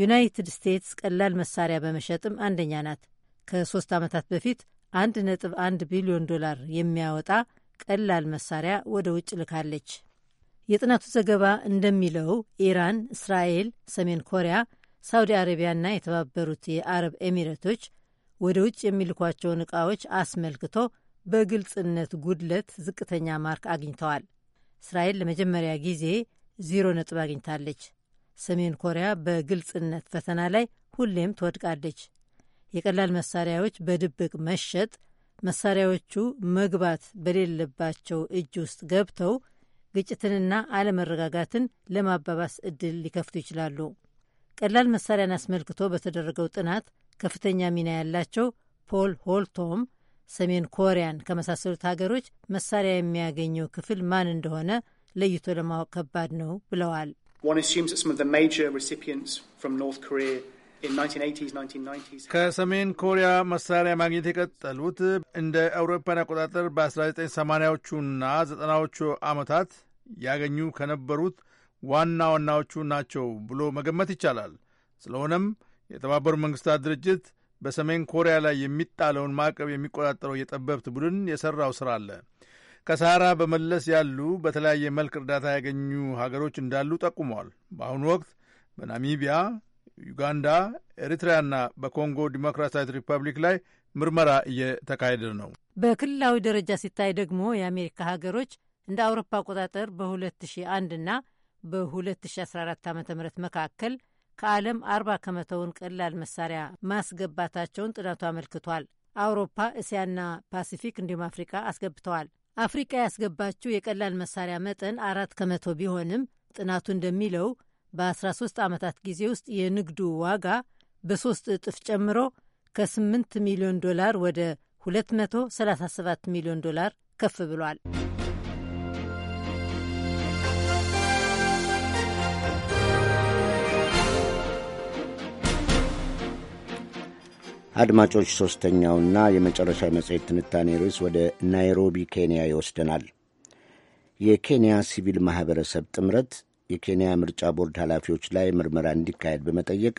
ዩናይትድ ስቴትስ ቀላል መሳሪያ በመሸጥም አንደኛ ናት። ከሶስት ዓመታት በፊት አንድ ነጥብ አንድ ቢሊዮን ዶላር የሚያወጣ ቀላል መሳሪያ ወደ ውጭ ልካለች። የጥናቱ ዘገባ እንደሚለው ኢራን፣ እስራኤል፣ ሰሜን ኮሪያ፣ ሳውዲ አረቢያና የተባበሩት የአረብ ኤሚሬቶች ወደ ውጭ የሚልኳቸውን ዕቃዎች አስመልክቶ በግልጽነት ጉድለት ዝቅተኛ ማርክ አግኝተዋል። እስራኤል ለመጀመሪያ ጊዜ ዜሮ ነጥብ አግኝታለች። ሰሜን ኮሪያ በግልጽነት ፈተና ላይ ሁሌም ትወድቃለች። የቀላል መሳሪያዎች በድብቅ መሸጥ፣ መሳሪያዎቹ መግባት በሌለባቸው እጅ ውስጥ ገብተው ግጭትንና አለመረጋጋትን ለማባባስ እድል ሊከፍቱ ይችላሉ። ቀላል መሳሪያን አስመልክቶ በተደረገው ጥናት ከፍተኛ ሚና ያላቸው ፖል ሆልቶም ሰሜን ኮሪያን ከመሳሰሉት ሀገሮች መሳሪያ የሚያገኘው ክፍል ማን እንደሆነ ለይቶ ለማወቅ ከባድ ነው ብለዋል። ከሰሜን ኮሪያ መሳሪያ ማግኘት የቀጠሉት እንደ አውሮፓን አቆጣጠር በ1980ዎቹና 9 ዎቹ ዓመታት ያገኙ ከነበሩት ዋና ዋናዎቹ ናቸው ብሎ መገመት ይቻላል። ስለሆነም የተባበሩት መንግስታት ድርጅት በሰሜን ኮሪያ ላይ የሚጣለውን ማዕቀብ የሚቆጣጠረው የጠበብት ቡድን የሠራው ሥራ አለ። ከሰሃራ በመለስ ያሉ በተለያየ መልክ እርዳታ ያገኙ ሀገሮች እንዳሉ ጠቁመዋል። በአሁኑ ወቅት በናሚቢያ፣ ዩጋንዳ፣ ኤሪትሪያና በኮንጎ ዲሞክራሲያዊት ሪፐብሊክ ላይ ምርመራ እየተካሄደ ነው። በክልላዊ ደረጃ ሲታይ ደግሞ የአሜሪካ ሀገሮች እንደ አውሮፓ አቆጣጠር በ2001 እና በ2014 ዓ ም መካከል ከዓለም አርባ ከመቶውን ቀላል መሳሪያ ማስገባታቸውን ጥናቱ አመልክቷል። አውሮፓ፣ እስያና ፓሲፊክ እንዲሁም አፍሪካ አስገብተዋል። አፍሪቃ ያስገባችው የቀላል መሳሪያ መጠን አራት ከመቶ ቢሆንም ጥናቱ እንደሚለው በ13 ዓመታት ጊዜ ውስጥ የንግዱ ዋጋ በሦስት እጥፍ ጨምሮ ከ8 ሚሊዮን ዶላር ወደ 237 ሚሊዮን ዶላር ከፍ ብሏል። አድማጮች ሦስተኛውና የመጨረሻ የመጽሔት ትንታኔ ርዕስ ወደ ናይሮቢ ኬንያ ይወስደናል። የኬንያ ሲቪል ማኅበረሰብ ጥምረት የኬንያ ምርጫ ቦርድ ኃላፊዎች ላይ ምርመራ እንዲካሄድ በመጠየቅ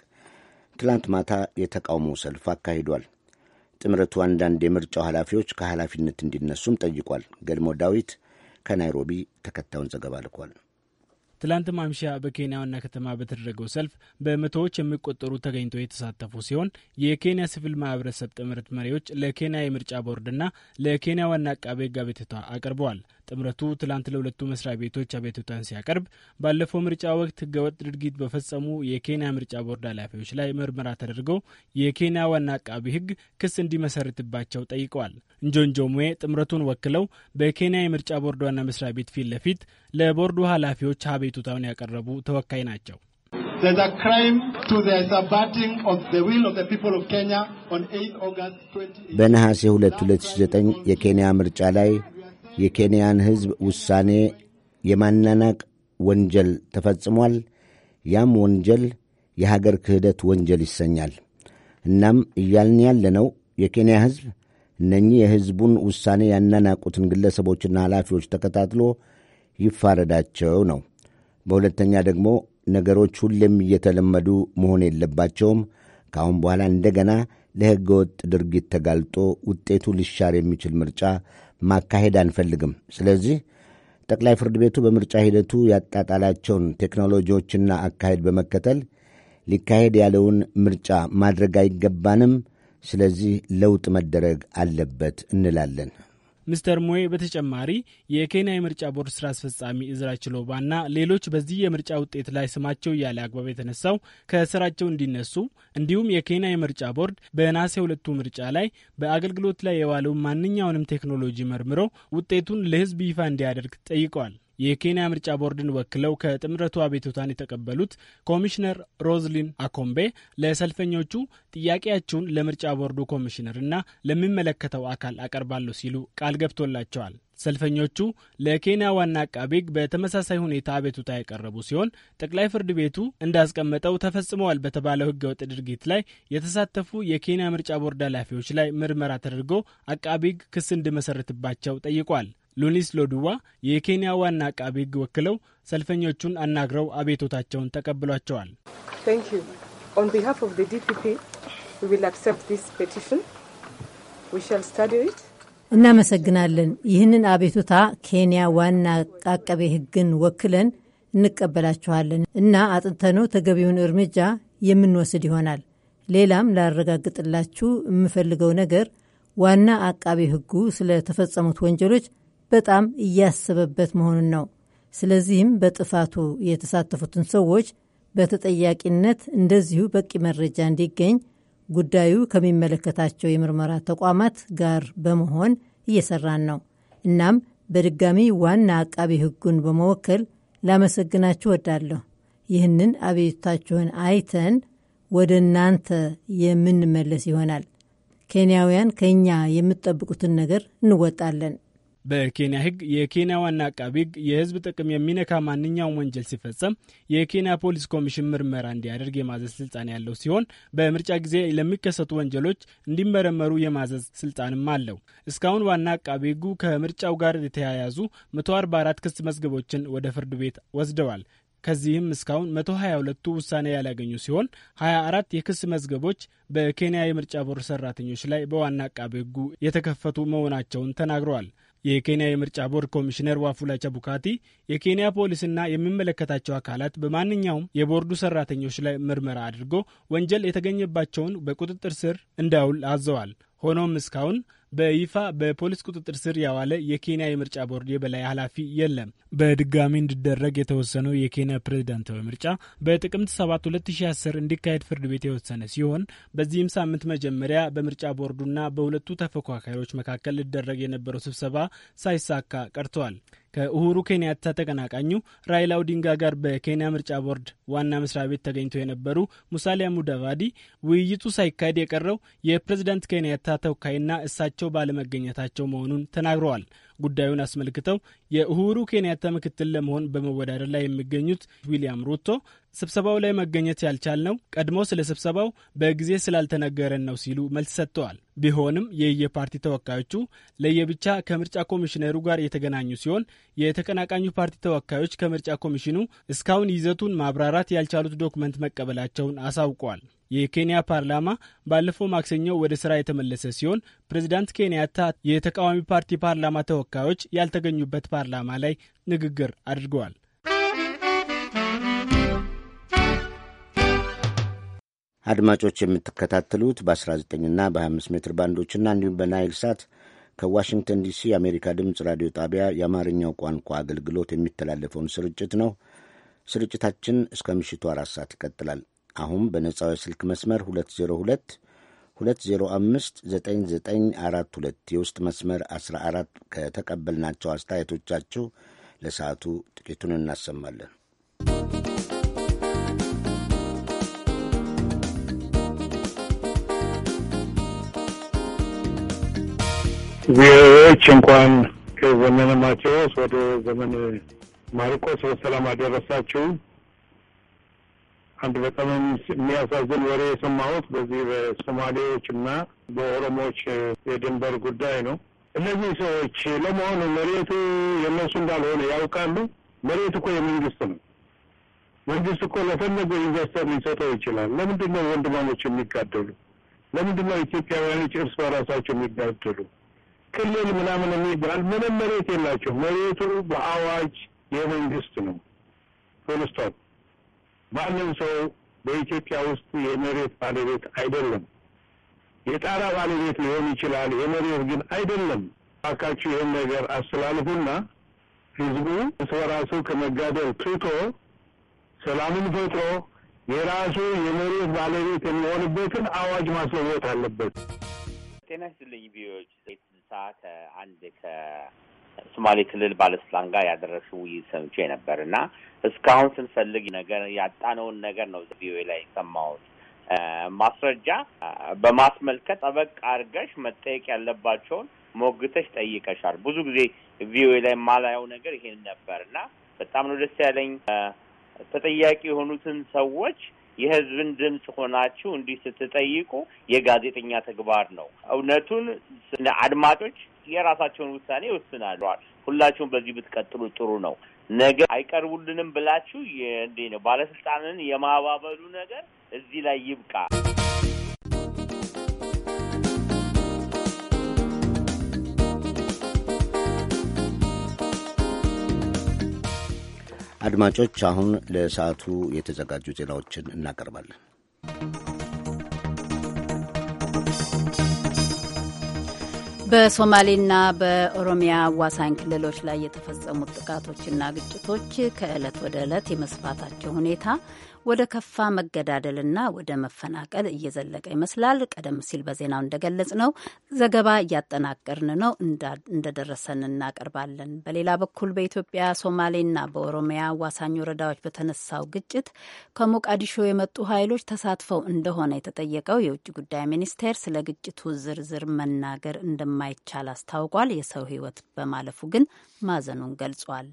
ትላንት ማታ የተቃውሞ ሰልፍ አካሂዷል። ጥምረቱ አንዳንድ የምርጫው ኃላፊዎች ከኃላፊነት እንዲነሱም ጠይቋል። ገልሞ ዳዊት ከናይሮቢ ተከታዩን ዘገባ ልኳል። ትላንት ማምሻ በኬንያ ዋና ከተማ በተደረገው ሰልፍ በመቶዎች የሚቆጠሩ ተገኝተው የተሳተፉ ሲሆን የኬንያ ሲቪል ማህበረሰብ ጥምረት መሪዎች ለኬንያ የምርጫ ቦርድና ለኬንያ ዋና አቃቤ ሕግ አቤቱታ አቅርበዋል። ጥምረቱ ትላንት ለሁለቱ መስሪያ ቤቶች አቤቱታን ሲያቀርብ ባለፈው ምርጫ ወቅት ህገወጥ ድርጊት በፈጸሙ የኬንያ ምርጫ ቦርድ ኃላፊዎች ላይ ምርመራ ተደርገው የኬንያ ዋና አቃቢ ህግ ክስ እንዲመሰርትባቸው ጠይቀዋል። እንጆንጆሙዌ ጥምረቱን ወክለው በኬንያ የምርጫ ቦርድ ዋና መስሪያ ቤት ፊት ለፊት ለቦርዱ ኃላፊዎች አቤቱታውን ያቀረቡ ተወካይ ናቸው። በነሐሴ 2 2009 የኬንያ ምርጫ ላይ የኬንያን ሕዝብ ውሳኔ የማናናቅ ወንጀል ተፈጽሟል። ያም ወንጀል የሀገር ክህደት ወንጀል ይሰኛል። እናም እያልን ያለነው የኬንያ ሕዝብ እነኚህ የሕዝቡን ውሳኔ ያናናቁትን ግለሰቦችና ኃላፊዎች ተከታትሎ ይፋረዳቸው ነው። በሁለተኛ ደግሞ ነገሮች ሁሌም እየተለመዱ መሆን የለባቸውም። ከአሁን በኋላ እንደገና ለሕገ ወጥ ድርጊት ተጋልጦ ውጤቱ ሊሻር የሚችል ምርጫ ማካሄድ አንፈልግም። ስለዚህ ጠቅላይ ፍርድ ቤቱ በምርጫ ሂደቱ ያጣጣላቸውን ቴክኖሎጂዎችና አካሄድ በመከተል ሊካሄድ ያለውን ምርጫ ማድረግ አይገባንም። ስለዚህ ለውጥ መደረግ አለበት እንላለን። ሚስተር ሞዌ በተጨማሪ የኬንያ የምርጫ ቦርድ ስራ አስፈጻሚ እዝራ ችሎባና ሌሎች በዚህ የምርጫ ውጤት ላይ ስማቸው እያለ አግባብ የተነሳው ከስራቸው እንዲነሱ እንዲሁም የኬንያ የምርጫ ቦርድ በነሐሴ ሁለቱ ምርጫ ላይ በአገልግሎት ላይ የዋለውን ማንኛውንም ቴክኖሎጂ መርምሮ ውጤቱን ለሕዝብ ይፋ እንዲያደርግ ጠይቀዋል። የኬንያ ምርጫ ቦርድን ወክለው ከጥምረቱ አቤቱታን የተቀበሉት ኮሚሽነር ሮዝሊን አኮምቤ ለሰልፈኞቹ ጥያቄያችሁን ለምርጫ ቦርዱ ኮሚሽነር እና ለሚመለከተው አካል አቀርባለሁ ሲሉ ቃል ገብቶላቸዋል። ሰልፈኞቹ ለኬንያ ዋና አቃቤ ሕግ በተመሳሳይ ሁኔታ አቤቱታ የቀረቡ ሲሆን ጠቅላይ ፍርድ ቤቱ እንዳስቀመጠው ተፈጽመዋል በተባለው ሕገወጥ ድርጊት ላይ የተሳተፉ የኬንያ ምርጫ ቦርድ ኃላፊዎች ላይ ምርመራ ተደርጎ አቃቤ ሕግ ክስ እንዲመሰርትባቸው ጠይቋል። ሉሊስ ሎዱዋ የኬንያ ዋና አቃቢ ሕግ ወክለው ሰልፈኞቹን አናግረው አቤቶታቸውን ተቀብሏቸዋል። እናመሰግናለን። ይህንን አቤቱታ ኬንያ ዋና አቃቤ ሕግን ወክለን እንቀበላችኋለን እና አጥንተነው ተገቢውን እርምጃ የምንወስድ ይሆናል። ሌላም ላረጋግጥላችሁ የምፈልገው ነገር ዋና አቃቤ ሕጉ ተፈጸሙት ወንጀሎች በጣም እያሰበበት መሆኑን ነው። ስለዚህም በጥፋቱ የተሳተፉትን ሰዎች በተጠያቂነት እንደዚሁ በቂ መረጃ እንዲገኝ ጉዳዩ ከሚመለከታቸው የምርመራ ተቋማት ጋር በመሆን እየሰራን ነው። እናም በድጋሚ ዋና አቃቢ ሕጉን በመወከል ላመሰግናችሁ ወዳለሁ። ይህንን አቤቱታችሁን አይተን ወደ እናንተ የምንመለስ ይሆናል። ኬንያውያን ከእኛ የምትጠብቁትን ነገር እንወጣለን። በኬንያ ህግ የኬንያ ዋና አቃቢ ህግ የህዝብ ጥቅም የሚነካ ማንኛውም ወንጀል ሲፈጸም የኬንያ ፖሊስ ኮሚሽን ምርመራ እንዲያደርግ የማዘዝ ስልጣን ያለው ሲሆን በምርጫ ጊዜ ለሚከሰቱ ወንጀሎች እንዲመረመሩ የማዘዝ ስልጣንም አለው። እስካሁን ዋና አቃቢ ህጉ ከምርጫው ጋር የተያያዙ 144 ክስ መዝገቦችን ወደ ፍርድ ቤት ወስደዋል። ከዚህም እስካሁን 122ቱ ውሳኔ ያላገኙ ሲሆን 24 የክስ መዝገቦች በኬንያ የምርጫ ቦርድ ሰራተኞች ላይ በዋና አቃቢ ህጉ የተከፈቱ መሆናቸውን ተናግረዋል። የኬንያ የምርጫ ቦርድ ኮሚሽነር ዋፉላ ቡካቲ የኬንያ ፖሊስና የሚመለከታቸው አካላት በማንኛውም የቦርዱ ሰራተኞች ላይ ምርመራ አድርጎ ወንጀል የተገኘባቸውን በቁጥጥር ስር እንዳውል አዘዋል። ሆኖም እስካሁን በይፋ በፖሊስ ቁጥጥር ስር ያዋለ የኬንያ የምርጫ ቦርድ የበላይ ኃላፊ የለም። በድጋሚ እንዲደረግ የተወሰነው የኬንያ ፕሬዝዳንታዊ ምርጫ በጥቅምት 7 2010 እንዲካሄድ ፍርድ ቤት የወሰነ ሲሆን በዚህም ሳምንት መጀመሪያ በምርጫ ቦርዱና በሁለቱ ተፎካካሪዎች መካከል ሊደረግ የነበረው ስብሰባ ሳይሳካ ቀርተዋል። ከኡሁሩ ኬንያታ ተቀናቃኙ ራይላ ኦዲንጋ ጋር በኬንያ ምርጫ ቦርድ ዋና መስሪያ ቤት ተገኝተው የነበሩ ሙሳሊያ ሙዳቫዲ ውይይቱ ሳይካሄድ የቀረው የፕሬዝዳንት ኬንያታ ተወካይና እሳቸው ባለመገኘታቸው መሆኑን ተናግረዋል። ጉዳዩን አስመልክተው የእሁሩ ኬንያታ ምክትል ለመሆን በመወዳደር ላይ የሚገኙት ዊሊያም ሩቶ ስብሰባው ላይ መገኘት ያልቻልነው ቀድሞ ስለ ስብሰባው በጊዜ ስላልተነገረን ነው ሲሉ መልስ ሰጥተዋል። ቢሆንም የየፓርቲ ተወካዮቹ ለየብቻ ከምርጫ ኮሚሽነሩ ጋር የተገናኙ ሲሆን የተቀናቃኙ ፓርቲ ተወካዮች ከምርጫ ኮሚሽኑ እስካሁን ይዘቱን ማብራራት ያልቻሉት ዶክመንት መቀበላቸውን አሳውቋል። የኬንያ ፓርላማ ባለፈው ማክሰኞ ወደ ስራ የተመለሰ ሲሆን ፕሬዚዳንት ኬንያታ የተቃዋሚ ፓርቲ ፓርላማ ተወካዮች ያልተገኙበት ፓርላማ ላይ ንግግር አድርገዋል። አድማጮች የምትከታተሉት በ19ና በ25 ሜትር ባንዶችና እንዲሁም በናይል ሳት ከዋሽንግተን ዲሲ የአሜሪካ ድምፅ ራዲዮ ጣቢያ የአማርኛው ቋንቋ አገልግሎት የሚተላለፈውን ስርጭት ነው። ስርጭታችን እስከ ምሽቱ አራት ሰዓት ይቀጥላል። አሁን በነጻው የስልክ መስመር 202 205 የውስጥ መስመር 14 ከተቀበልናቸው አስተያየቶቻችሁ ለሰዓቱ ጥቂቱን እናሰማለን። ቪኦኤዎች እንኳን ከዘመነ ማቴዎስ ወደ ዘመን ማርቆስ በሰላም አደረሳችሁ። አንድ በጣም የሚያሳዝን ወሬ የሰማሁት በዚህ በሶማሌዎች እና በኦሮሞዎች የድንበር ጉዳይ ነው። እነዚህ ሰዎች ለመሆኑ መሬቱ የእነሱ እንዳልሆነ ያውቃሉ? መሬት እኮ የመንግስት ነው። መንግስት እኮ ለፈለገው ኢንቨስተር ሊሰጠው ይችላል። ለምንድን ነው ወንድማሞች የሚጋደሉ? ለምንድን ነው ኢትዮጵያውያኖች እርስ በራሳቸው የሚጋደሉ? ክልል ምናምን የሚባል ምንም መሬት የላቸው። መሬቱ በአዋጅ የመንግስት ነው። ፉል ስቶፕ ማንም ሰው በኢትዮጵያ ውስጥ የመሬት ባለቤት አይደለም። የጣራ ባለቤት ሊሆን ይችላል፣ የመሬት ግን አይደለም። እባካችሁ ይህን ነገር አስተላልፉና ህዝቡ እርስ ከመጋደል ትቶ ሰላምን ፈጥሮ የራሱ የመሬት ባለቤት የሚሆንበትን አዋጅ ማስለወጥ አለበት። ጤና ይስጥልኝ ቪዎች ሳ ከአንድ ከ ሶማሌ ክልል ባለስልጣን ጋር ያደረሱ ውይይት ሰምቼ ነበር እና እስካሁን ስንፈልግ ነገር ያጣነውን ነገር ነው ቪኦኤ ላይ የሰማሁት። ማስረጃ በማስመልከት ጠበቅ አድርገሽ መጠየቅ ያለባቸውን ሞግተሽ ጠይቀሻል። ብዙ ጊዜ ቪኦኤ ላይ የማላየው ነገር ይሄን ነበር እና በጣም ነው ደስ ያለኝ። ተጠያቂ የሆኑትን ሰዎች የህዝብን ድምፅ ሆናችሁ እንዲህ ስትጠይቁ የጋዜጠኛ ተግባር ነው። እውነቱን አድማጮች የራሳቸውን ውሳኔ ይወስናሉ። ሁላችሁም በዚህ ብትቀጥሉ ጥሩ ነው። ነገር አይቀርቡልንም ብላችሁ እንዴ ነው ባለስልጣንን የማባበሉ ነገር እዚህ ላይ ይብቃ። አድማጮች፣ አሁን ለሰዓቱ የተዘጋጁ ዜናዎችን እናቀርባለን። በሶማሌና በኦሮሚያ አዋሳኝ ክልሎች ላይ የተፈጸሙት ጥቃቶችና ግጭቶች ከዕለት ወደ ዕለት የመስፋታቸው ሁኔታ ወደ ከፋ መገዳደልና ወደ መፈናቀል እየዘለቀ ይመስላል። ቀደም ሲል በዜናው እንደገለጽ ነው ዘገባ እያጠናቀርን ነው፣ እንደደረሰን እናቀርባለን። በሌላ በኩል በኢትዮጵያ ሶማሌና በኦሮሚያ አዋሳኝ ወረዳዎች በተነሳው ግጭት ከሞቃዲሾ የመጡ ኃይሎች ተሳትፈው እንደሆነ የተጠየቀው የውጭ ጉዳይ ሚኒስቴር ስለ ግጭቱ ዝርዝር መናገር እንደማይቻል አስታውቋል። የሰው ሕይወት በማለፉ ግን ማዘኑን ገልጿል።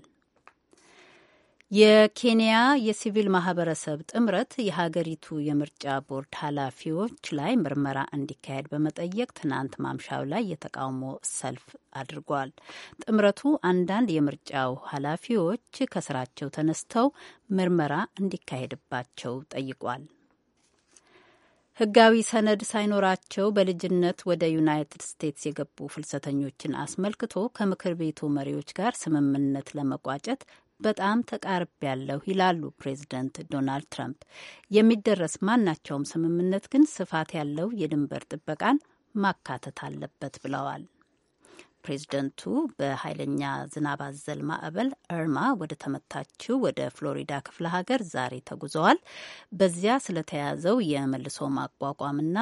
የኬንያ የሲቪል ማህበረሰብ ጥምረት የሀገሪቱ የምርጫ ቦርድ ኃላፊዎች ላይ ምርመራ እንዲካሄድ በመጠየቅ ትናንት ማምሻው ላይ የተቃውሞ ሰልፍ አድርጓል። ጥምረቱ አንዳንድ የምርጫው ኃላፊዎች ከስራቸው ተነስተው ምርመራ እንዲካሄድባቸው ጠይቋል። ህጋዊ ሰነድ ሳይኖራቸው በልጅነት ወደ ዩናይትድ ስቴትስ የገቡ ፍልሰተኞችን አስመልክቶ ከምክር ቤቱ መሪዎች ጋር ስምምነት ለመቋጨት በጣም ተቃርብ ያለሁ ይላሉ ፕሬዚደንት ዶናልድ ትራምፕ። የሚደረስ ማናቸውም ስምምነት ግን ስፋት ያለው የድንበር ጥበቃን ማካተት አለበት ብለዋል። ፕሬዚደንቱ በኃይለኛ ዝናብ አዘል ማዕበል እርማ ወደ ተመታችው ወደ ፍሎሪዳ ክፍለ ሀገር ዛሬ ተጉዘዋል። በዚያ ስለተያዘው የመልሶ ማቋቋምና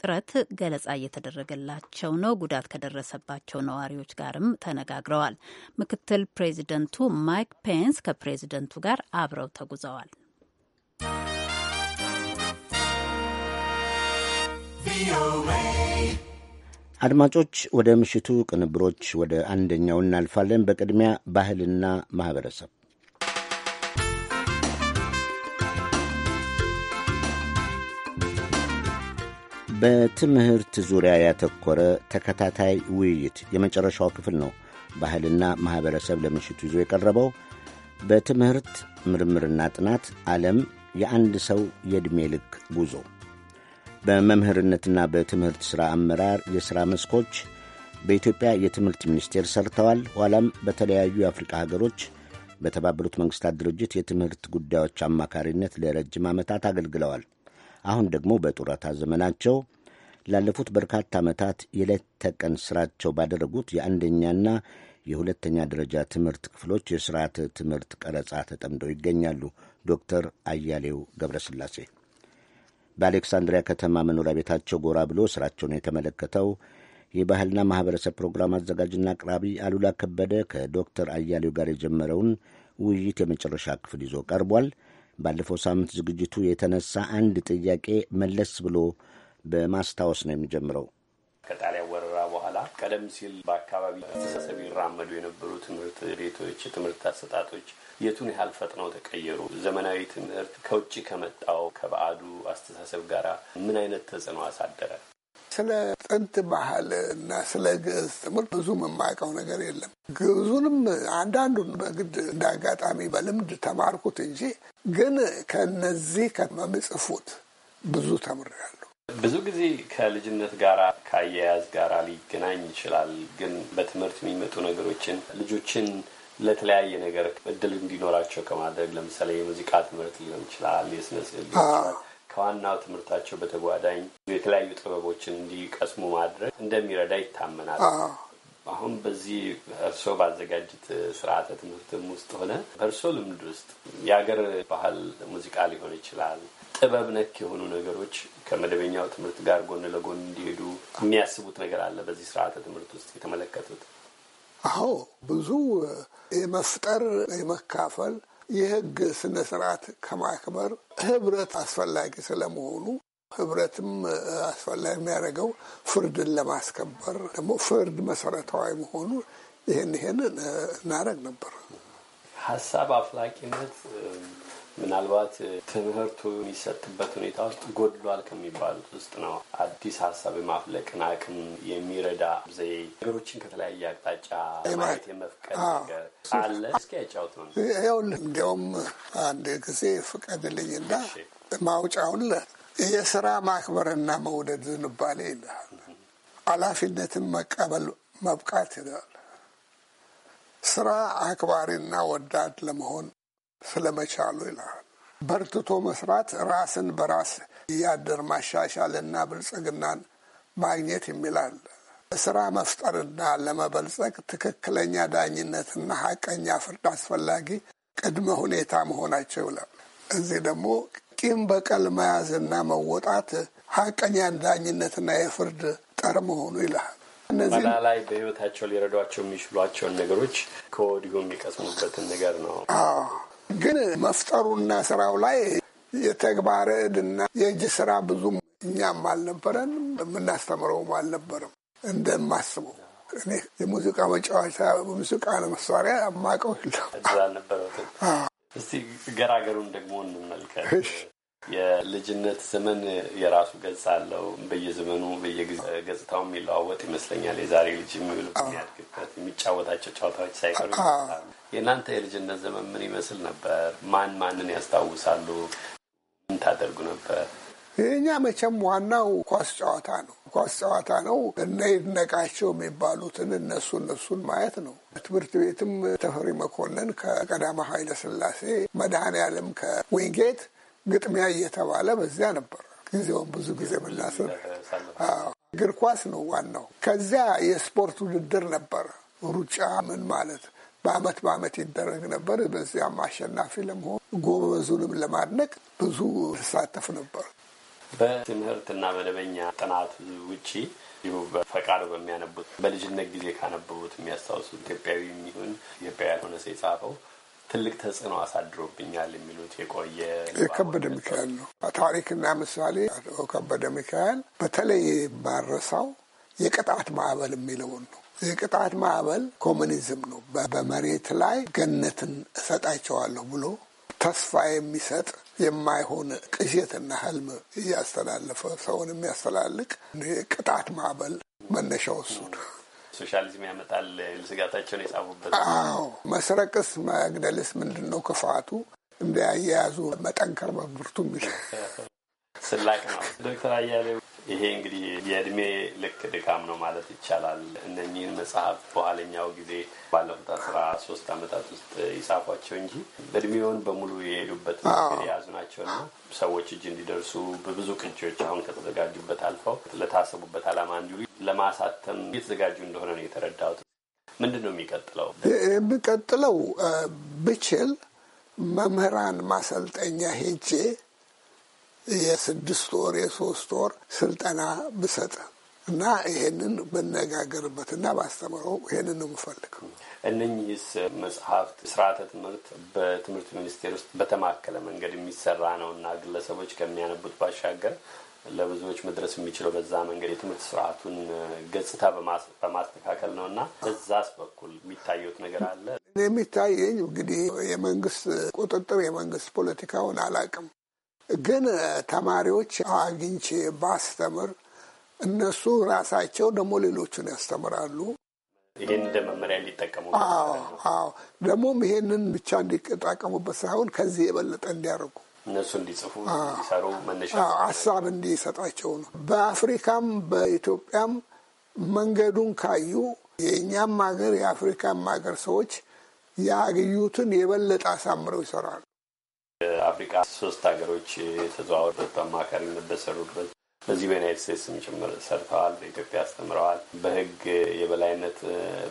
ጥረት ገለጻ እየተደረገላቸው ነው። ጉዳት ከደረሰባቸው ነዋሪዎች ጋርም ተነጋግረዋል። ምክትል ፕሬዚደንቱ ማይክ ፔንስ ከፕሬዚደንቱ ጋር አብረው ተጉዘዋል። አድማጮች፣ ወደ ምሽቱ ቅንብሮች ወደ አንደኛው እናልፋለን። በቅድሚያ ባህልና ማህበረሰብ በትምህርት ዙሪያ ያተኮረ ተከታታይ ውይይት የመጨረሻው ክፍል ነው። ባህልና ማኅበረሰብ ለምሽቱ ይዞ የቀረበው በትምህርት ምርምርና ጥናት ዓለም የአንድ ሰው የዕድሜ ልክ ጉዞ በመምህርነትና በትምህርት ሥራ አመራር የሥራ መስኮች በኢትዮጵያ የትምህርት ሚኒስቴር ሰርተዋል። ኋላም በተለያዩ የአፍሪቃ ሀገሮች በተባበሩት መንግሥታት ድርጅት የትምህርት ጉዳዮች አማካሪነት ለረጅም ዓመታት አገልግለዋል። አሁን ደግሞ በጡረታ ዘመናቸው ላለፉት በርካታ ዓመታት የዕለት ተቀን ስራቸው ባደረጉት የአንደኛና የሁለተኛ ደረጃ ትምህርት ክፍሎች የስርዓተ ትምህርት ቀረጻ ተጠምደው ይገኛሉ። ዶክተር አያሌው ገብረስላሴ በአሌክሳንድሪያ ከተማ መኖሪያ ቤታቸው ጎራ ብሎ ስራቸውን የተመለከተው የባህልና ማህበረሰብ ፕሮግራም አዘጋጅና አቅራቢ አሉላ ከበደ ከዶክተር አያሌው ጋር የጀመረውን ውይይት የመጨረሻ ክፍል ይዞ ቀርቧል። ባለፈው ሳምንት ዝግጅቱ የተነሳ አንድ ጥያቄ መለስ ብሎ በማስታወስ ነው የሚጀምረው። ከጣሊያን ወረራ በኋላ ቀደም ሲል በአካባቢ አስተሳሰብ ይራመዱ የነበሩ ትምህርት ቤቶች፣ የትምህርት አሰጣጦች የቱን ያህል ፈጥነው ተቀየሩ? ዘመናዊ ትምህርት ከውጭ ከመጣው ከበአዱ አስተሳሰብ ጋር ምን አይነት ተጽዕኖ አሳደረ? ስለ ጥንት ባህል እና ስለ ግዕዝ ትምህርት ብዙ የማውቀው ነገር የለም። ግዕዙንም አንዳንዱን በግድ እንደ አጋጣሚ በልምድ ተማርኩት እንጂ ግን ከነዚህ ከመምጽፉት ብዙ ተምሬያለሁ። ብዙ ጊዜ ከልጅነት ጋር ከአያያዝ ጋር ሊገናኝ ይችላል። ግን በትምህርት የሚመጡ ነገሮችን ልጆችን ለተለያየ ነገር እድል እንዲኖራቸው ከማድረግ ለምሳሌ የሙዚቃ ትምህርት ሊሆን ይችላል፣ የስነ ስዕል ሊሆን ይችላል ከዋናው ትምህርታቸው በተጓዳኝ የተለያዩ ጥበቦችን እንዲቀስሙ ማድረግ እንደሚረዳ ይታመናል። አሁን በዚህ እርስዎ ባዘጋጅት ስርዓተ ትምህርትም ውስጥ ሆነ በእርስዎ ልምድ ውስጥ የሀገር ባህል ሙዚቃ ሊሆን ይችላል፣ ጥበብ ነክ የሆኑ ነገሮች ከመደበኛው ትምህርት ጋር ጎን ለጎን እንዲሄዱ የሚያስቡት ነገር አለ በዚህ ስርዓተ ትምህርት ውስጥ የተመለከቱት? አዎ ብዙ የመፍጠር የመካፈል የህግ ስነ ስርዓት ከማክበር ህብረት አስፈላጊ ስለመሆኑ ህብረትም አስፈላጊ የሚያደርገው ፍርድን ለማስከበር ደግሞ ፍርድ መሰረታዊ መሆኑ ይህን ይህን እናደርግ ነበር። ሀሳብ አፍላቂነት ምናልባት ትምህርቱ የሚሰጥበት ሁኔታ ውስጥ ጎድሏል ከሚባሉት ውስጥ ነው። አዲስ ሀሳብ የማፍለቅን አቅም የሚረዳ ዘዬ ነገሮችን ከተለያየ አቅጣጫ ማየት የመፍቀድ ነገር አለ። እስኪ ያጫውቱን። ይኸውልህ እንዲያውም አንድ ጊዜ ፍቀድልኝና ማውጫውን የስራ ማክበርና መውደድ ዝንባሌ ይልሃል። ኃላፊነትን መቀበል መብቃት ይላል። ስራ አክባሪና ወዳድ ለመሆን ስለመቻሉ ይላል በርትቶ መስራት ራስን በራስ እያደር ማሻሻልና ብልጽግናን ማግኘት የሚላል ስራ መፍጠርና ለመበልጸግ ትክክለኛ ዳኝነትና ሀቀኛ ፍርድ አስፈላጊ ቅድመ ሁኔታ መሆናቸው ይላል። እዚህ ደግሞ ቂም በቀል መያዝና መወጣት ሀቀኛ ዳኝነትና የፍርድ ጠር መሆኑ ይላል መላ ላይ በህይወታቸው ሊረዷቸው የሚችሏቸውን ነገሮች ከወዲሁ የሚቀስሙበትን ነገር ነው። ግን መፍጠሩና ስራው ላይ የተግባረ እድና የእጅ ስራ ብዙም እኛም አልነበረን የምናስተምረውም አልነበረም እንደማስበው እኔ የሙዚቃ መጫወቻ ሙዚቃ ለመሳሪያ የማውቀው የለም። እስቲ ገራገሩን ደግሞ እንመልከት። የልጅነት ዘመን የራሱ ገጽ አለው። በየዘመኑ በየገጽታው የሚለዋወጥ ይመስለኛል። የዛሬ ልጅ የሚውልበት የሚያድግበት የሚጫወታቸው ጨዋታዎች ሳይቀሩ የእናንተ የልጅነት ዘመን ምን ይመስል ነበር? ማን ማንን ያስታውሳሉ? ምን ታደርጉ ነበር? እኛ መቼም ዋናው ኳስ ጨዋታ ነው። ኳስ ጨዋታ ነው። እነ ይድነቃቸው የሚባሉትን እነሱ እነሱን ማየት ነው። ትምህርት ቤትም ተፈሪ መኮንን ከቀዳማ ኃይለ ስላሴ፣ መድኃኔ ዓለም ከዊንጌት ግጥሚያ እየተባለ በዚያ ነበር ጊዜውን ብዙ ጊዜ ምናስብ እግር ኳስ ነው ዋናው። ከዚያ የስፖርት ውድድር ነበር ሩጫ ምን ማለት በአመት በአመት ይደረግ ነበር። በዚያም አሸናፊ ለመሆን ጎበዙንም ለማድነቅ ብዙ ተሳተፍ ነበር። በትምህርትና መደበኛ ጥናት ውጪ እንዲሁ በፈቃዱ በሚያነቡት በልጅነት ጊዜ ካነበቡት የሚያስታውሱት ኢትዮጵያዊ የሚሆን ኢትዮጵያዊ ያልሆነ ሰው የጻፈው ትልቅ ተጽዕኖ አሳድሮብኛል የሚሉት የቆየ የከበደ ሚካኤል ነው። ታሪክና ምሳሌ ከበደ ሚካኤል በተለይ ባረሳው የቅጣት ማዕበል የሚለውን ነው። የቅጣት ማዕበል ኮሚኒዝም ነው። በመሬት ላይ ገነትን እሰጣቸዋለሁ ብሎ ተስፋ የሚሰጥ የማይሆን ቅዠትና ህልም እያስተላለፈ ሰውን የሚያስተላልቅ የቅጣት ማዕበል መነሻው እሱ ነው። ሶሻሊዝም ያመጣል ስጋታቸውን የጻፉበት። አዎ መስረቅስ መግደልስ ምንድን ነው ክፋቱ? እንደ አያያዙ መጠንከር በብርቱ የሚል ስላቅ ነው ዶክተር አያሌው ይሄ እንግዲህ የእድሜ ልክ ድካም ነው ማለት ይቻላል። እነኚህን መጽሐፍ በኋለኛው ጊዜ ባለፉት አስራ ሶስት አመታት ውስጥ ይጻፏቸው እንጂ እድሜውን በሙሉ የሄዱበት የያዙ ናቸውና ሰዎች እጅ እንዲደርሱ በብዙ ቅጂዎች አሁን ከተዘጋጁበት አልፈው ለታሰቡበት አላማ እንዲሁ ለማሳተም እየተዘጋጁ እንደሆነ ነው የተረዳሁት። ምንድን ነው የሚቀጥለው? የሚቀጥለው ብችል መምህራን ማሰልጠኛ ሄጄ የስድስት ወር የሶስት ወር ስልጠና ብሰጥ እና ይሄንን ብነጋገርበት እና ባስተምረው ይሄንን ነው የምፈልገው። እነኚህስ መጽሐፍት ስርዓተ ትምህርት በትምህርት ሚኒስቴር ውስጥ በተማከለ መንገድ የሚሰራ ነው እና ግለሰቦች ከሚያነቡት ባሻገር ለብዙዎች መድረስ የሚችለው በዛ መንገድ የትምህርት ስርዓቱን ገጽታ በማስተካከል ነው እና በዛስ በኩል የሚታየት ነገር አለ። የሚታየኝ እንግዲህ የመንግስት ቁጥጥር የመንግስት ፖለቲካውን አላቅም ግን ተማሪዎች አግኝቼ ባስተምር እነሱ ራሳቸው ደግሞ ሌሎቹን ያስተምራሉ። ይህን እንደ መመሪያ እንዲጠቀሙ ደግሞም ይሄንን ብቻ እንዲጠቀሙበት ሳይሆን ከዚህ የበለጠ እንዲያደርጉ እነሱ እንዲጽፉ እንዲሰሩ መነሻ ሀሳብ እንዲሰጣቸው ነው። በአፍሪካም በኢትዮጵያም መንገዱን ካዩ የእኛም ሀገር የአፍሪካም ሀገር ሰዎች ያገኙትን የበለጠ አሳምረው ይሰራሉ። አፍሪካ ሶስት ሀገሮች ተዘዋውረ በአማካሪነት በሰሩበት በዚህ በዩናይት ስቴትስም ጭምር ሰርተዋል። በኢትዮጵያ አስተምረዋል። በህግ የበላይነት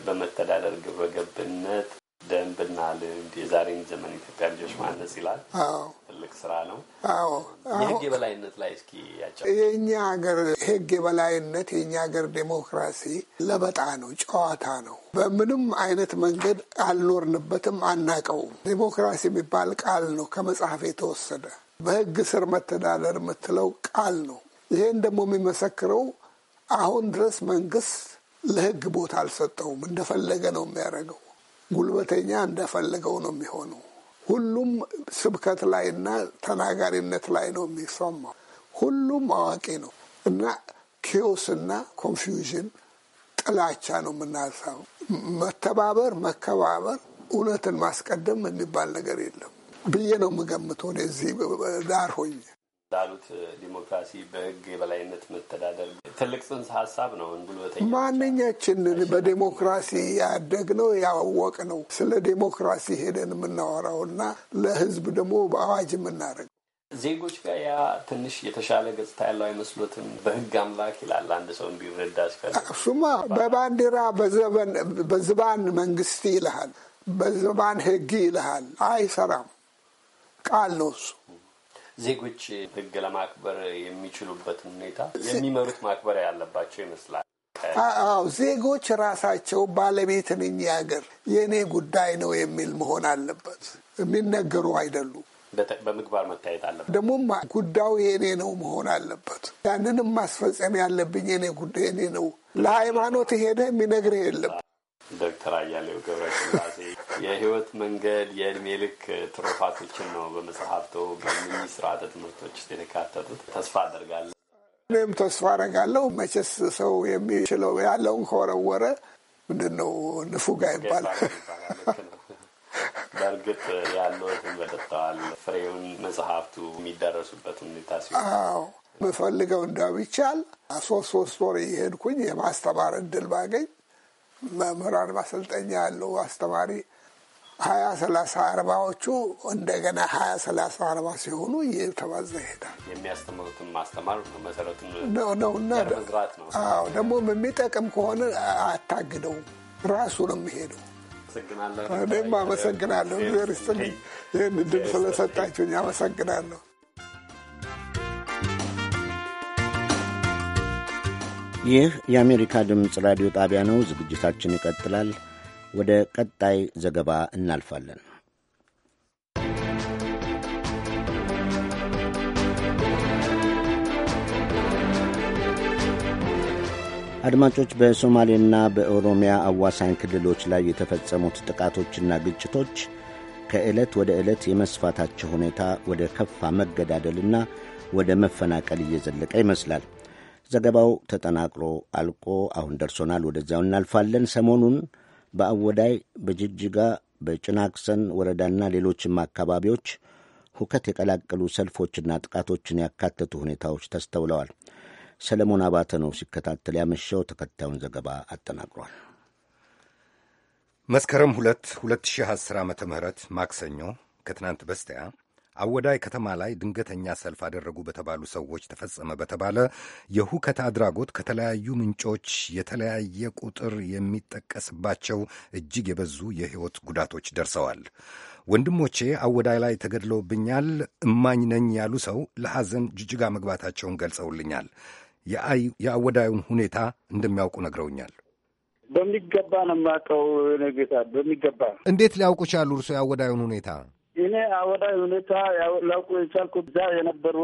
በመተዳደር ግብረገብነት ደንብና ልምድ የዛሬን ዘመን ኢትዮጵያ ልጆች ማነጽ ይላል። ትልቅ ስራ ነው። አዎ የህግ የበላይነት ላይ እስኪ ያጫ የእኛ ሀገር ህግ የበላይነት የእኛ ሀገር ዴሞክራሲ ለበጣ ነው፣ ጨዋታ ነው። በምንም አይነት መንገድ አልኖርንበትም፣ አናቀውም። ዴሞክራሲ የሚባል ቃል ነው ከመጽሐፍ የተወሰደ በህግ ስር መተዳደር የምትለው ቃል ነው። ይሄን ደግሞ የሚመሰክረው አሁን ድረስ መንግስት ለህግ ቦታ አልሰጠውም፣ እንደፈለገ ነው የሚያደርገው ጉልበተኛ እንደፈለገው ነው የሚሆነው። ሁሉም ስብከት ላይና ተናጋሪነት ላይ ነው የሚሰማው። ሁሉም አዋቂ ነው እና ኬዎስና ኮንፊውዥን ጥላቻ ነው የምናሳው። መተባበር፣ መከባበር፣ እውነትን ማስቀደም የሚባል ነገር የለም ብዬ ነው የምገምተው እዚህ ዳር ሆኜ ላሉት ዲሞክራሲ በህግ የበላይነት መተዳደር ትልቅ ጽንሰ ሀሳብ ነው። ጉልበተኛ ማንኛችንን በዴሞክራሲ ነው ያወቅ ነው። ስለ ዴሞክራሲ ሄደን የምናወራው እና ለህዝብ ደግሞ በአዋጅ የምናደርግ ዜጎች ጋር ያ ትንሽ የተሻለ ገጽታ ያለው አይመስሎትም? በህግ አምላክ ይላል አንድ ሰው እንዲረዳ ሲፈልግ እሱማ በባንዲራ በዘበን በዝባን መንግስት ይልሃል፣ በዝባን ህግ ይልሃል። አይሰራም። ቃል ነው እሱ ዜጎች ህግ ለማክበር የሚችሉበትን ሁኔታ የሚመሩት ማክበር ያለባቸው ይመስላል። አዎ ዜጎች ራሳቸው ባለቤት ነኝ የሀገር የእኔ ጉዳይ ነው የሚል መሆን አለበት። የሚነገሩ አይደሉም። በምግባር መታየት አለበት። ደግሞ ጉዳዩ የእኔ ነው መሆን አለበት። ያንንም ማስፈጸም ያለብኝ የኔ ጉዳይ የኔ ነው። ለሃይማኖት ሄደ የሚነግርህ የለም። ዶክተር አያሌው ገብረስላሴ የህይወት መንገድ የእድሜ ልክ ትሩፋቶችን ነው በመጽሐፍቶ በሚኒ ስርዓተ ትምህርቶች ውስጥ የተካተቱት። ተስፋ አደርጋለሁ እኔም ተስፋ አደርጋለሁ። መቼስ ሰው የሚችለው ያለውን ከወረወረ ምንድን ነው ንፉግ ይባላል። በእርግጥ ያለትን በጠጠዋል ፍሬውን መጽሐፍቱ የሚደረሱበት ሁኔታ ሲሆን ምፈልገው እንደው ይቻል ሶስት ሶስት ወር እየሄድኩኝ የማስተማር እድል ባገኝ መምህራን ማሰልጠኛ ያለው አስተማሪ ሀያ ሰላሳ አርባዎቹ እንደገና ሀያ ሰላሳ አርባ ሲሆኑ እየተባዛ ይሄዳል። የሚያስተምሩትን ማስተማር መሰረቱን ነው። ደግሞ የሚጠቅም ከሆነ አታግደውም፣ ራሱ ነው የሚሄደው። እኔም አመሰግናለሁ። እግዚአብሔር ይስጥልኝ፣ ይህን ድል ስለሰጣችሁኝ አመሰግናለሁ። ይህ የአሜሪካ ድምፅ ራዲዮ ጣቢያ ነው። ዝግጅታችን ይቀጥላል። ወደ ቀጣይ ዘገባ እናልፋለን። አድማጮች በሶማሌና በኦሮሚያ አዋሳኝ ክልሎች ላይ የተፈጸሙት ጥቃቶችና ግጭቶች ከዕለት ወደ ዕለት የመስፋታቸው ሁኔታ ወደ ከፋ መገዳደልና ወደ መፈናቀል እየዘለቀ ይመስላል። ዘገባው ተጠናቅሮ አልቆ አሁን ደርሶናል። ወደዚያው እናልፋለን። ሰሞኑን በአወዳይ፣ በጅጅጋ፣ በጭናክሰን ወረዳና ሌሎችም አካባቢዎች ሁከት የቀላቀሉ ሰልፎችና ጥቃቶችን ያካተቱ ሁኔታዎች ተስተውለዋል። ሰለሞን አባተ ነው ሲከታተል ያመሸው። ተከታዩን ዘገባ አጠናቅሯል። መስከረም ሁለት 2010 ዓ ም ማክሰኞ ከትናንት በስቲያ አወዳይ ከተማ ላይ ድንገተኛ ሰልፍ አደረጉ በተባሉ ሰዎች ተፈጸመ በተባለ የሁከት አድራጎት ከተለያዩ ምንጮች የተለያየ ቁጥር የሚጠቀስባቸው እጅግ የበዙ የሕይወት ጉዳቶች ደርሰዋል። ወንድሞቼ አወዳይ ላይ ተገድለውብኛል እማኝ ነኝ ያሉ ሰው ለሐዘን ጅጅጋ መግባታቸውን ገልጸውልኛል። የአወዳዩን ሁኔታ እንደሚያውቁ ነግረውኛል። በሚገባ ነው የማውቀው ነገታ በሚገባ እንዴት ሊያውቁ ቻሉ እርሶ የአወዳዩን ሁኔታ? እኔ አወዳ ሁኔታ ላውቁ የቻልኩ እዛ የነበሩ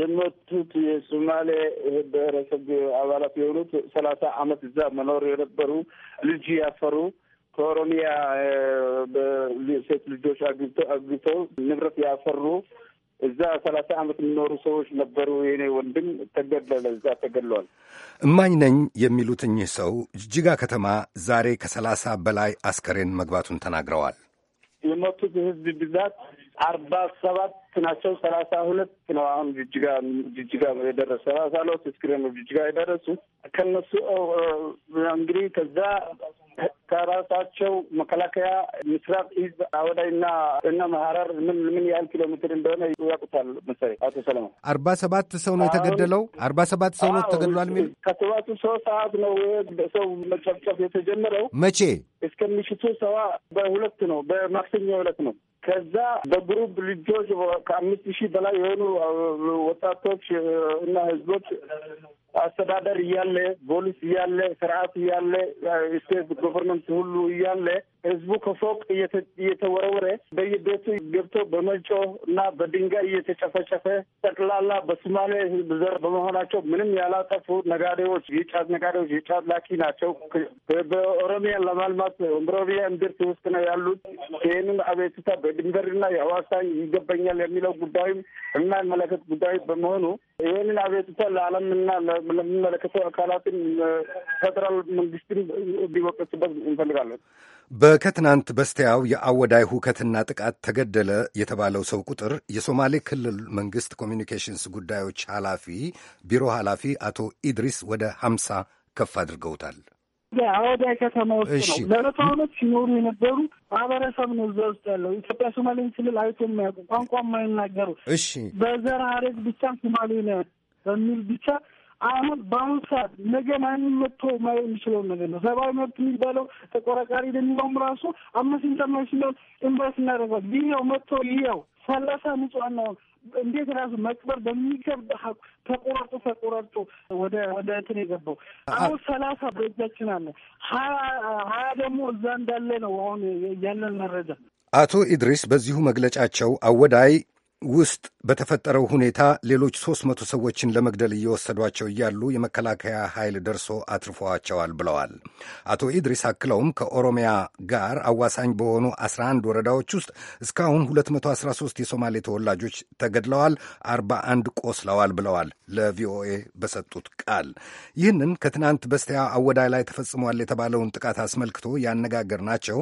የሞቱት የሶማሌ ብሔረሰብ አባላት የሆኑት ሰላሳ አመት እዛ መኖር የነበሩ ልጅ ያፈሩ ከኦሮሚያ ሴት ልጆች አግብተው ንብረት ያፈሩ እዛ ሰላሳ አመት የሚኖሩ ሰዎች ነበሩ። የኔ ወንድም ተገለለ፣ እዛ ተገሏል። እማኝ ነኝ የሚሉት እኚህ ሰው ጅጅጋ ከተማ ዛሬ ከሰላሳ በላይ አስከሬን መግባቱን ተናግረዋል። የሞቱት የህዝብ ብዛት አርባ ሰባት ሁለት ናቸው። ሰላሳ ሁለት ነው አሁን ጅጅጋ ጅጅጋ የደረሱ ሰላሳ ሁለት አስክሬን ነው ጅጅጋ የደረሱ ከነሱ እንግዲህ ከዛ ከራሳቸው መከላከያ ምስራቅ ህዝብ አወዳይና እና መሀረር ምን ምን ያህል ኪሎ ሜትር እንደሆነ ያውቁታል መሰለኝ አቶ ሰለሞን። አርባ ሰባት ሰው ነው የተገደለው። አርባ ሰባት ሰው ነው ተገድሏል። የሚል ከሰባቱ ሰው ሰዓት ነው ሰው መጨፍጨፍ የተጀመረው መቼ እስከ ምሽቱ ሰባ በሁለት ነው በማክሰኞ ሁለት ነው ከዛ በግሩፕ ልጆች ከአምስት ሺህ በላይ የሆኑ ወጣቶች እና ህዝቦች አስተዳደር እያለ ፖሊስ እያለ ስርዓት እያለ ስቴት ጎቨርንመንት ሁሉ እያለ ህዝቡ ከፎቅ እየተወረወረ በየቤቱ ገብቶ በመጮ እና በድንጋይ እየተጨፈጨፈ ጠቅላላ በሱማሌ ህዝብ ዘር በመሆናቸው ምንም ያላጠፉ ነጋዴዎች፣ የጫት ነጋዴዎች፣ የጫት ላኪ ናቸው። በኦሮሚያ ለማልማት ኦሮሚያ እምብርት ውስጥ ነው ያሉት። ይህንን አቤቱታ በድንበርና የአዋሳኝ ይገባኛል የሚለው ጉዳይም የማይመለከት ጉዳይ በመሆኑ ይህንን አቤቱታ ለዓለምና ለሚመለከተው አካላትን ፌደራል መንግስትን እንዲወቀስበት እንፈልጋለን። በከትናንት በስቲያው የአወዳይ ሁከትና ጥቃት ተገደለ የተባለው ሰው ቁጥር የሶማሌ ክልል መንግስት ኮሚኒኬሽንስ ጉዳዮች ኃላፊ ቢሮ ኃላፊ አቶ ኢድሪስ ወደ ሀምሳ ከፍ አድርገውታል። የአወዳ ከተማ ውስጥ ነው። ለመቶ ሲኖሩ የነበሩ ማህበረሰብ ነው እዛ ውስጥ ያለው። ኢትዮጵያ ሶማሌን ክልል አይቶ የሚያውቁ ቋንቋ የማይናገሩ እሺ፣ በዘር ሀረግ ብቻ ሶማሌ ነ በሚል ብቻ አሁን በአሁኑ ሰዓት ነገ ማንም መጥቶ ማየ የሚችለውን ነገር ነው። ሰብአዊ መብት የሚባለው ተቆራቃሪ የሚለውም ራሱ አምነስት ኢንተርናሽናል ኢንቨስት እናደርጓል ይኸው መጥቶ ይኸው ሰላሳ ንጹሐን እንዴት ራሱ መቅበር በሚገባ ተቆራርጦ ተቆራርጦ ወደ ወደ እንትን የገባው አሁን ሰላሳ በእጃችን አለ ሀያ ደግሞ እዛ እንዳለ ነው አሁን ያለን መረጃ። አቶ ኢድሪስ በዚሁ መግለጫቸው አወዳይ ውስጥ በተፈጠረው ሁኔታ ሌሎች ሦስት መቶ ሰዎችን ለመግደል እየወሰዷቸው እያሉ የመከላከያ ኃይል ደርሶ አትርፏቸዋል ብለዋል። አቶ ኢድሪስ አክለውም ከኦሮሚያ ጋር አዋሳኝ በሆኑ 11 ወረዳዎች ውስጥ እስካሁን 213 የሶማሌ ተወላጆች ተገድለዋል፣ 41 ቆስለዋል ብለዋል ለቪኦኤ በሰጡት ቃል። ይህንን ከትናንት በስቲያ አወዳይ ላይ ተፈጽሟል የተባለውን ጥቃት አስመልክቶ ያነጋገርናቸው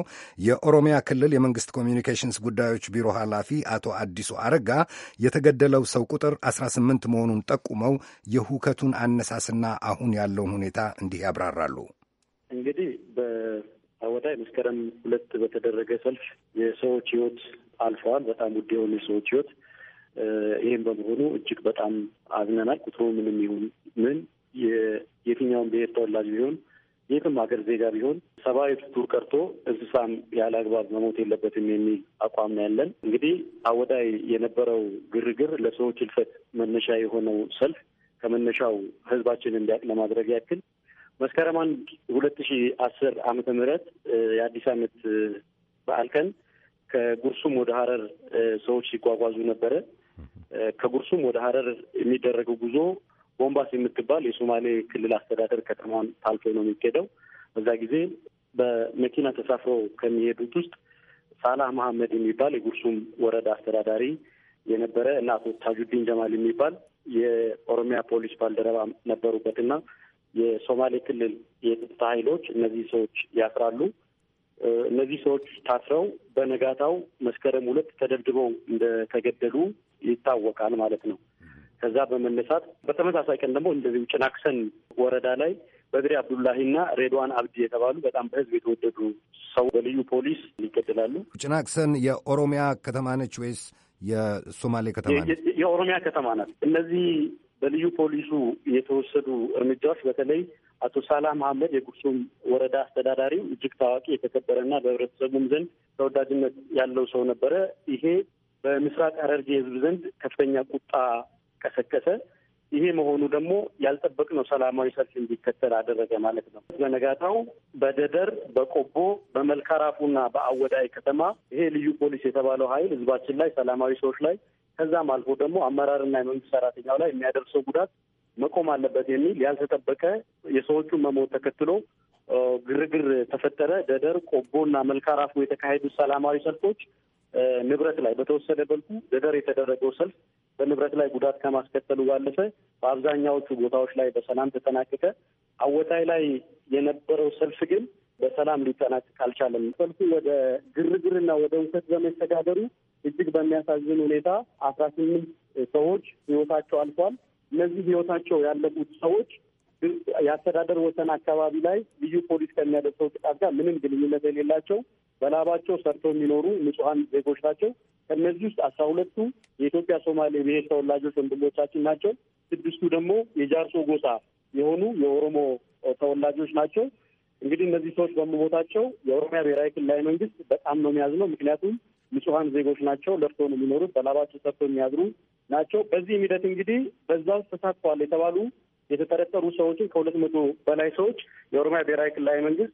የኦሮሚያ ክልል የመንግሥት ኮሚኒኬሽንስ ጉዳዮች ቢሮ ኃላፊ አቶ አዲሱ አረግ ሲዋጋ የተገደለው ሰው ቁጥር 18 መሆኑን ጠቁመው የሁከቱን አነሳስና አሁን ያለውን ሁኔታ እንዲህ ያብራራሉ። እንግዲህ በአወዳይ መስከረም ሁለት በተደረገ ሰልፍ የሰዎች ህይወት አልፈዋል። በጣም ውድ የሆኑ የሰዎች ህይወት ይህም በመሆኑ እጅግ በጣም አዝነናል። ቁጥሩ ምንም ይሁን ምን የትኛውን ብሔር ተወላጅ ቢሆን የትም ሀገር ዜጋ ቢሆን ሰብአዊ ፍጡር ቀርቶ እንስሳም ያለ አግባብ መሞት የለበትም የሚል አቋም ያለን እንግዲህ አወዳይ የነበረው ግርግር ለሰዎች እልፈት መነሻ የሆነው ሰልፍ ከመነሻው ህዝባችን እንዲያውቅ ለማድረግ ያክል መስከረም አንድ ሁለት ሺ አስር አመተ ምህረት የአዲስ አመት በዓል ቀን ከጉርሱም ወደ ሀረር ሰዎች ሲጓጓዙ ነበረ። ከጉርሱም ወደ ሀረር የሚደረገው ጉዞ ቦምባስ የምትባል የሶማሌ ክልል አስተዳደር ከተማን ታልፎ ነው የሚሄደው። በዛ ጊዜ በመኪና ተሳፍረው ከሚሄዱት ውስጥ ሳላህ መሐመድ የሚባል የጉርሱም ወረዳ አስተዳዳሪ የነበረ እና አቶ ታጁዲን ጀማል የሚባል የኦሮሚያ ፖሊስ ባልደረባ ነበሩበትና የሶማሌ ክልል የጸጥታ ኃይሎች እነዚህ ሰዎች ያስራሉ። እነዚህ ሰዎች ታስረው በነጋታው መስከረም ሁለት ተደብድበው እንደተገደሉ ይታወቃል ማለት ነው። ከዛ በመነሳት በተመሳሳይ ቀን ደግሞ እንደዚሁ ጭናክሰን ወረዳ ላይ በድሪ አብዱላሂና ሬድዋን አብዲ የተባሉ በጣም በህዝብ የተወደዱ ሰው በልዩ ፖሊስ ይገደላሉ። ጭናክሰን የኦሮሚያ ከተማ ነች ወይስ የሶማሌ ከተማ ነች? የኦሮሚያ ከተማ ናት። እነዚህ በልዩ ፖሊሱ የተወሰዱ እርምጃዎች በተለይ አቶ ሳላህ መሐመድ የጉርሱም ወረዳ አስተዳዳሪው እጅግ ታዋቂ የተከበረና በህብረተሰቡም ዘንድ ተወዳጅነት ያለው ሰው ነበረ። ይሄ በምስራቅ ሐረርጌ ህዝብ ዘንድ ከፍተኛ ቁጣ ቀሰቀሰ። ይሄ መሆኑ ደግሞ ያልጠበቅነው ሰላማዊ ሰልፍ እንዲከተል አደረገ ማለት ነው። በነጋታው በደደር፣ በቆቦ፣ በመልካራፉና በአወዳይ ከተማ ይሄ ልዩ ፖሊስ የተባለው ኃይል ህዝባችን ላይ ሰላማዊ ሰዎች ላይ ከዛም አልፎ ደግሞ አመራርና የመንግስት ሰራተኛው ላይ የሚያደርሰው ጉዳት መቆም አለበት የሚል ያልተጠበቀ የሰዎቹን መሞት ተከትሎ ግርግር ተፈጠረ። ደደር፣ እና መልካራፉ የተካሄዱ ሰላማዊ ሰልፎች ንብረት ላይ በተወሰደ መልኩ ደደር የተደረገው ሰልፍ በንብረት ላይ ጉዳት ከማስከተሉ ባለፈ በአብዛኛዎቹ ቦታዎች ላይ በሰላም ተጠናቀቀ። አወታይ ላይ የነበረው ሰልፍ ግን በሰላም ሊጠናቀቅ አልቻለም። ሰልፉ ወደ ግርግርና ወደ ውከት በመስተጋገሩ እጅግ በሚያሳዝን ሁኔታ አስራ ስምንት ሰዎች ህይወታቸው አልፏል። እነዚህ ህይወታቸው ያለፉት ሰዎች የአስተዳደር ወሰን አካባቢ ላይ ልዩ ፖሊስ ከሚያደርሰው ጥቃት ጋር ምንም ግንኙነት የሌላቸው በላባቸው ሰርተው የሚኖሩ ንጹሀን ዜጎች ናቸው። ከእነዚህ ውስጥ አስራ ሁለቱ የኢትዮጵያ ሶማሌ ብሔር ተወላጆች ወንድሞቻችን ናቸው። ስድስቱ ደግሞ የጃርሶ ጎሳ የሆኑ የኦሮሞ ተወላጆች ናቸው። እንግዲህ እነዚህ ሰዎች በመሞታቸው የኦሮሚያ ብሔራዊ ክልላዊ መንግስት በጣም ነው የሚያዝ ነው። ምክንያቱም ንጹሐን ዜጎች ናቸው። ለፍቶ ነው የሚኖሩት። በላባቸው ሰርቶ የሚያድሩ ናቸው። በዚህ ሂደት እንግዲህ በዛ ውስጥ ተሳትፈዋል የተባሉ የተጠረጠሩ ሰዎችን ከሁለት መቶ በላይ ሰዎች የኦሮሚያ ብሔራዊ ክልላዊ መንግስት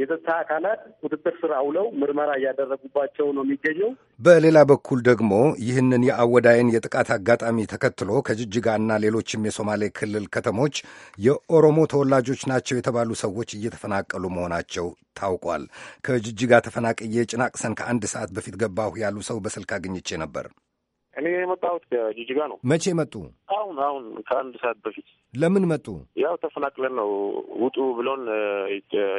የጸጥታ አካላት ቁጥጥር ስር አውለው ምርመራ እያደረጉባቸው ነው የሚገኘው። በሌላ በኩል ደግሞ ይህንን የአወዳይን የጥቃት አጋጣሚ ተከትሎ ከጅጅጋና ሌሎችም የሶማሌ ክልል ከተሞች የኦሮሞ ተወላጆች ናቸው የተባሉ ሰዎች እየተፈናቀሉ መሆናቸው ታውቋል። ከጅጅጋ ተፈናቅዬ ጭናቅሰን ከአንድ ሰዓት በፊት ገባሁ ያሉ ሰው በስልክ አግኝቼ ነበር። እኔ የመጣሁት ከጅጅጋ ነው። መቼ መጡ? አሁን አሁን ከአንድ ሰዓት በፊት ለምን መጡ? ያው ተፈናቅለን ነው ውጡ ብሎን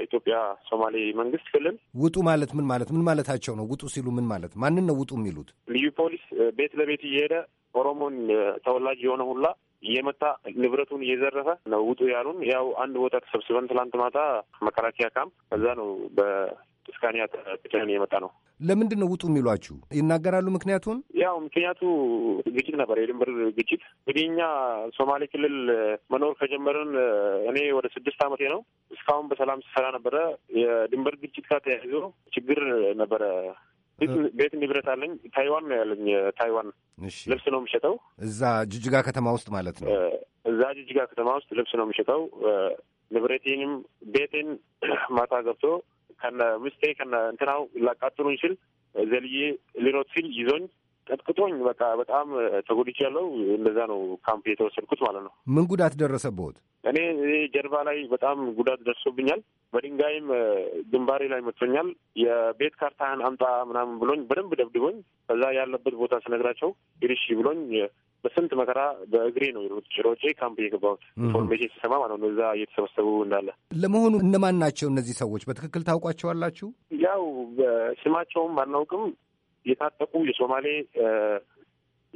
ኢትዮጵያ ሶማሌ መንግስት ክልል ውጡ ማለት ምን ማለት ምን ማለታቸው ነው? ውጡ ሲሉ ምን ማለት ማንን ነው ውጡ የሚሉት? ልዩ ፖሊስ ቤት ለቤት እየሄደ ኦሮሞን ተወላጅ የሆነ ሁላ እየመታ ንብረቱን እየዘረፈ ነው ውጡ ያሉን። ያው አንድ ቦታ ተሰብስበን ትላንት ማታ መከላከያ ካምፕ ከዛ ነው ስካኒያ ብቻ የመጣ ነው። ለምንድን ነው ውጡ የሚሏችሁ? ይናገራሉ ምክንያቱን? ያው ምክንያቱ ግጭት ነበር፣ የድንበር ግጭት። እንግዲህ እኛ ሶማሌ ክልል መኖር ከጀመርን እኔ ወደ ስድስት አመቴ ነው። እስካሁን በሰላም ሲሰራ ነበረ። የድንበር ግጭት ጋር ተያይዞ ችግር ነበረ። ቤት ንብረት አለኝ። ታይዋን ነው ያለኝ። ታይዋን ልብስ ነው የምሸጠው እዛ ጅጅጋ ከተማ ውስጥ ማለት ነው። እዛ ጅጅጋ ከተማ ውስጥ ልብስ ነው የምሸጠው። ንብረቴንም ቤቴን ማታ ገብቶ ከነ ምስቴ ከነ እንትናው ላቃጥሉኝ ሲል ዘልዬ ሊሮት ሲል ይዞኝ ቀጥቅጦኝ በቃ በጣም ተጎድቻለሁ። እንደዛ ነው ካምፕ የተወሰድኩት ማለት ነው። ምን ጉዳት ደረሰብዎት? እኔ ጀርባ ላይ በጣም ጉዳት ደርሶብኛል። በድንጋይም ግንባሬ ላይ መቶኛል። የቤት ካርታህን አምጣ ምናምን ብሎኝ በደንብ ደብድቦኝ፣ ከዛ ያለበት ቦታ ስነግራቸው ሂድሽ ብሎኝ በስንት መከራ በእግሬ ነው ሮጬ ካምፕ የገባሁት። ኢንፎርሜሽን ሲሰማ ማለት ነው እዛ እየተሰበሰቡ እንዳለ። ለመሆኑ እነማን ናቸው እነዚህ ሰዎች? በትክክል ታውቋቸዋላችሁ? ያው ስማቸውም አናውቅም የታጠቁ የሶማሌ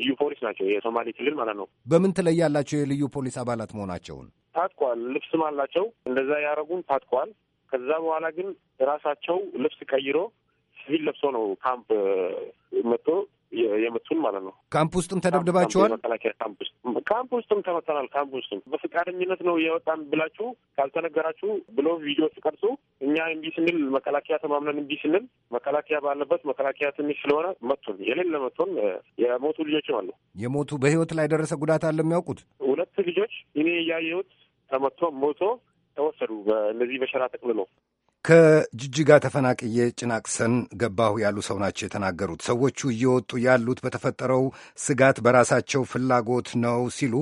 ልዩ ፖሊስ ናቸው። የሶማሌ ክልል ማለት ነው። በምን ትለያላቸው? የልዩ ፖሊስ አባላት መሆናቸውን ታጥቋል። ልብስም አላቸው። እንደዛ ያደረጉን ታጥቋል። ከዛ በኋላ ግን ራሳቸው ልብስ ቀይሮ ሲቪል ለብሶ ነው ካምፕ መጥቶ የመቱን ማለት ነው። ካምፕ ውስጥም ተደብድባችኋል? መከላከያ ካምፕ ውስጥ ካምፕ ውስጥም ተመተናል። ካምፕ ውስጥም በፍቃደኝነት ነው የወጣን ብላችሁ ካልተነገራችሁ ብሎ ቪዲዮ ሲቀርጹ እኛ እምቢ ስንል መከላከያ ተማምነን እምቢ ስንል መከላከያ ባለበት መከላከያ ትንሽ ስለሆነ መቱን። የሌለ መቱን። የሞቱ ልጆችም አሉ። የሞቱ በህይወት ላይ ደረሰ ጉዳት አለ የሚያውቁት ሁለት ልጆች እኔ እያየሁት ተመቶ ሞቶ ተወሰዱ። በእነዚህ በሸራ ጠቅልሎ ከጅጅጋ ተፈናቅዬ ጭናቅሰን ገባሁ ያሉ ሰው ናቸው የተናገሩት። ሰዎቹ እየወጡ ያሉት በተፈጠረው ስጋት በራሳቸው ፍላጎት ነው ሲሉ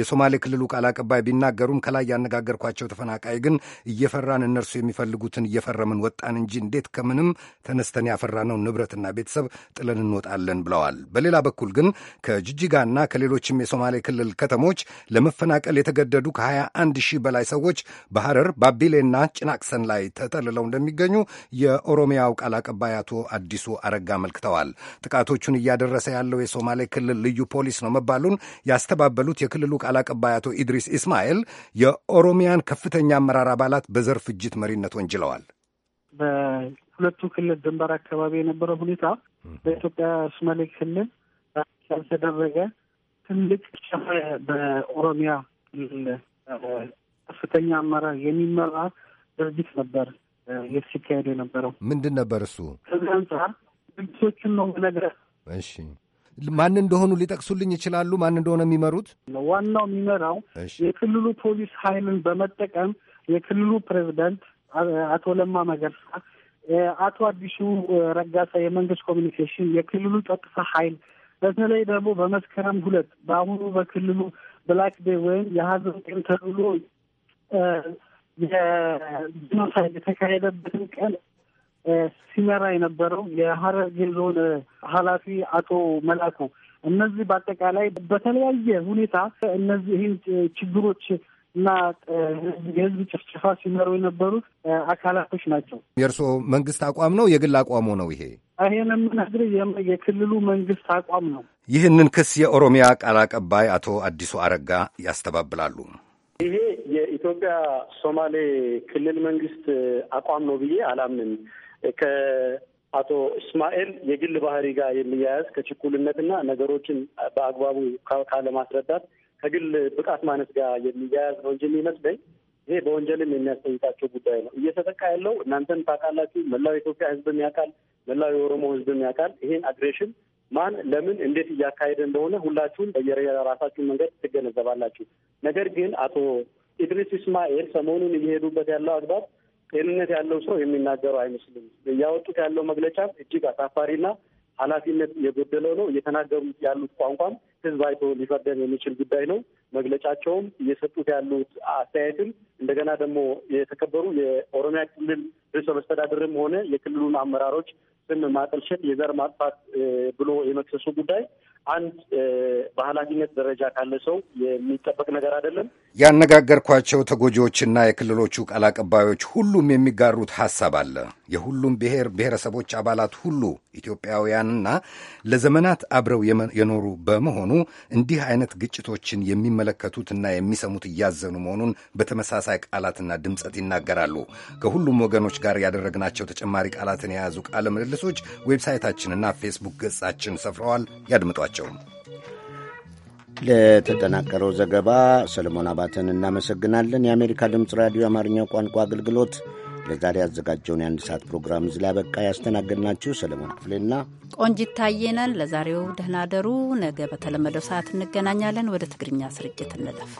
የሶማሌ ክልሉ ቃል አቀባይ ቢናገሩም ከላይ ያነጋገርኳቸው ተፈናቃይ ግን እየፈራን እነርሱ የሚፈልጉትን እየፈረምን ወጣን እንጂ እንዴት ከምንም ተነስተን ያፈራነው ንብረትና ቤተሰብ ጥለን እንወጣለን ብለዋል። በሌላ በኩል ግን ከጅጅጋና ከሌሎችም የሶማሌ ክልል ከተሞች ለመፈናቀል የተገደዱ ከ21 ሺህ በላይ ሰዎች በሐረር ባቢሌና ጭናቅሰን ላይ ተጠልለው ተጠልለው እንደሚገኙ የኦሮሚያው ቃል አቀባይ አቶ አዲሱ አረጋ አመልክተዋል። ጥቃቶቹን እያደረሰ ያለው የሶማሌ ክልል ልዩ ፖሊስ ነው መባሉን ያስተባበሉት የክልሉ ቃል አቀባይ አቶ ኢድሪስ ኢስማኤል የኦሮሚያን ከፍተኛ አመራር አባላት በዘር ፍጅት መሪነት ወንጅለዋል። በሁለቱ ክልል ድንበር አካባቢ የነበረው ሁኔታ በኢትዮጵያ ሶማሌ ክልል ያልተደረገ ትልቅ በኦሮሚያ ክልል ከፍተኛ አመራር የሚመራ ድርጅት ነበር የተካሄደ የነበረው ምንድን ነበር እሱ? ከዚህ አንጻር ድርጅቶቹን ነው መነግረህ። እሺ ማን እንደሆኑ ሊጠቅሱልኝ ይችላሉ? ማን እንደሆነ የሚመሩት? ዋናው የሚመራው የክልሉ ፖሊስ ኃይልን በመጠቀም የክልሉ ፕሬዚደንት አቶ ለማ መገርሳ፣ አቶ አዲሱ ረጋሳ የመንግስት ኮሚኒኬሽን፣ የክልሉ ጸጥታ ኃይል በተለይ ደግሞ በመስከረም ሁለት በአሁኑ በክልሉ ብላክ ዴይ ወይም የሀዘን ቀን ተብሎ የጂኖሳይድ የተካሄደበትን ቀን ሲመራ የነበረው የሀረርጌ ዞን ኃላፊ አቶ መላኩ እነዚህ በአጠቃላይ በተለያየ ሁኔታ እነዚህን ችግሮች እና የህዝብ ጭፍጭፋ ሲመሩ የነበሩት አካላቶች ናቸው። የእርስዎ መንግስት አቋም ነው? የግል አቋሙ ነው? ይሄ ይህን የምነግርህ የክልሉ መንግስት አቋም ነው። ይህንን ክስ የኦሮሚያ ቃል አቀባይ አቶ አዲሱ አረጋ ያስተባብላሉ። ይሄ የኢትዮጵያ ሶማሌ ክልል መንግስት አቋም ነው ብዬ አላምንም። ከአቶ እስማኤል የግል ባህሪ ጋር የሚያያዝ ከችኩልነትና ነገሮችን በአግባቡ ካለማስረዳት ከግል ብቃት ማነት ጋር የሚያያዝ ነው እንጂ የሚመስለኝ ይሄ በወንጀልም የሚያስጠይቃቸው ጉዳይ ነው። እየተጠቃ ያለው እናንተን ታውቃላችሁ፣ መላው የኢትዮጵያ ህዝብም ያውቃል፣ መላው የኦሮሞ ህዝብም ያውቃል። ይሄን አግሬሽን ማን ለምን እንዴት እያካሄደ እንደሆነ ሁላችሁም በየራሳችሁ መንገድ ትገነዘባላችሁ። ነገር ግን አቶ ኢድሪስ ኢስማኤል ሰሞኑን እየሄዱበት ያለው አግባብ ጤንነት ያለው ሰው የሚናገረው አይመስልም። እያወጡት ያለው መግለጫ እጅግ አሳፋሪና ኃላፊነት የጎደለው ነው። እየተናገሩት ያሉት ቋንቋም ህዝብ አይቶ ሊፈርደን የሚችል ጉዳይ ነው። መግለጫቸውም እየሰጡት ያሉት አስተያየትም እንደገና ደግሞ የተከበሩ የኦሮሚያ ክልል ርዕሰ መስተዳድርም ሆነ የክልሉን አመራሮች ስም ማጠልሸት፣ የዘር ማጥፋት ብሎ የመክሰሱ ጉዳይ አንድ በኃላፊነት ደረጃ ካለ ሰው የሚጠበቅ ነገር አይደለም። ያነጋገርኳቸው ተጎጂዎችና የክልሎቹ ቃል አቀባዮች ሁሉም የሚጋሩት ሀሳብ አለ። የሁሉም ብሔር ብሔረሰቦች አባላት ሁሉ ኢትዮጵያውያንና ለዘመናት አብረው የኖሩ በመሆኑ እንዲህ አይነት ግጭቶችን የሚመለከቱትና የሚሰሙት እያዘኑ መሆኑን በተመሳሳይ ቃላትና ድምፀት ይናገራሉ። ከሁሉም ወገኖች ጋር ያደረግናቸው ተጨማሪ ቃላትን የያዙ ቃለ ምልልሶች ዌብሳይታችንና ፌስቡክ ገጻችን ሰፍረዋል። ያድምጧቸው። ለተጠናቀረው ዘገባ ሰለሞን አባተን እናመሰግናለን። የአሜሪካ ድምፅ ራዲዮ የአማርኛው ቋንቋ አገልግሎት ለዛሬ ያዘጋጀውን የአንድ ሰዓት ፕሮግራም እዚህ ላይ በቃ ያስተናገድናችሁ ሰለሞን ክፍሌና ቆንጂት ታየ ለዛሬው ለዛሬው ደህናደሩ ነገ በተለመደው ሰዓት እንገናኛለን። ወደ ትግርኛ ስርጭት እንለፍ።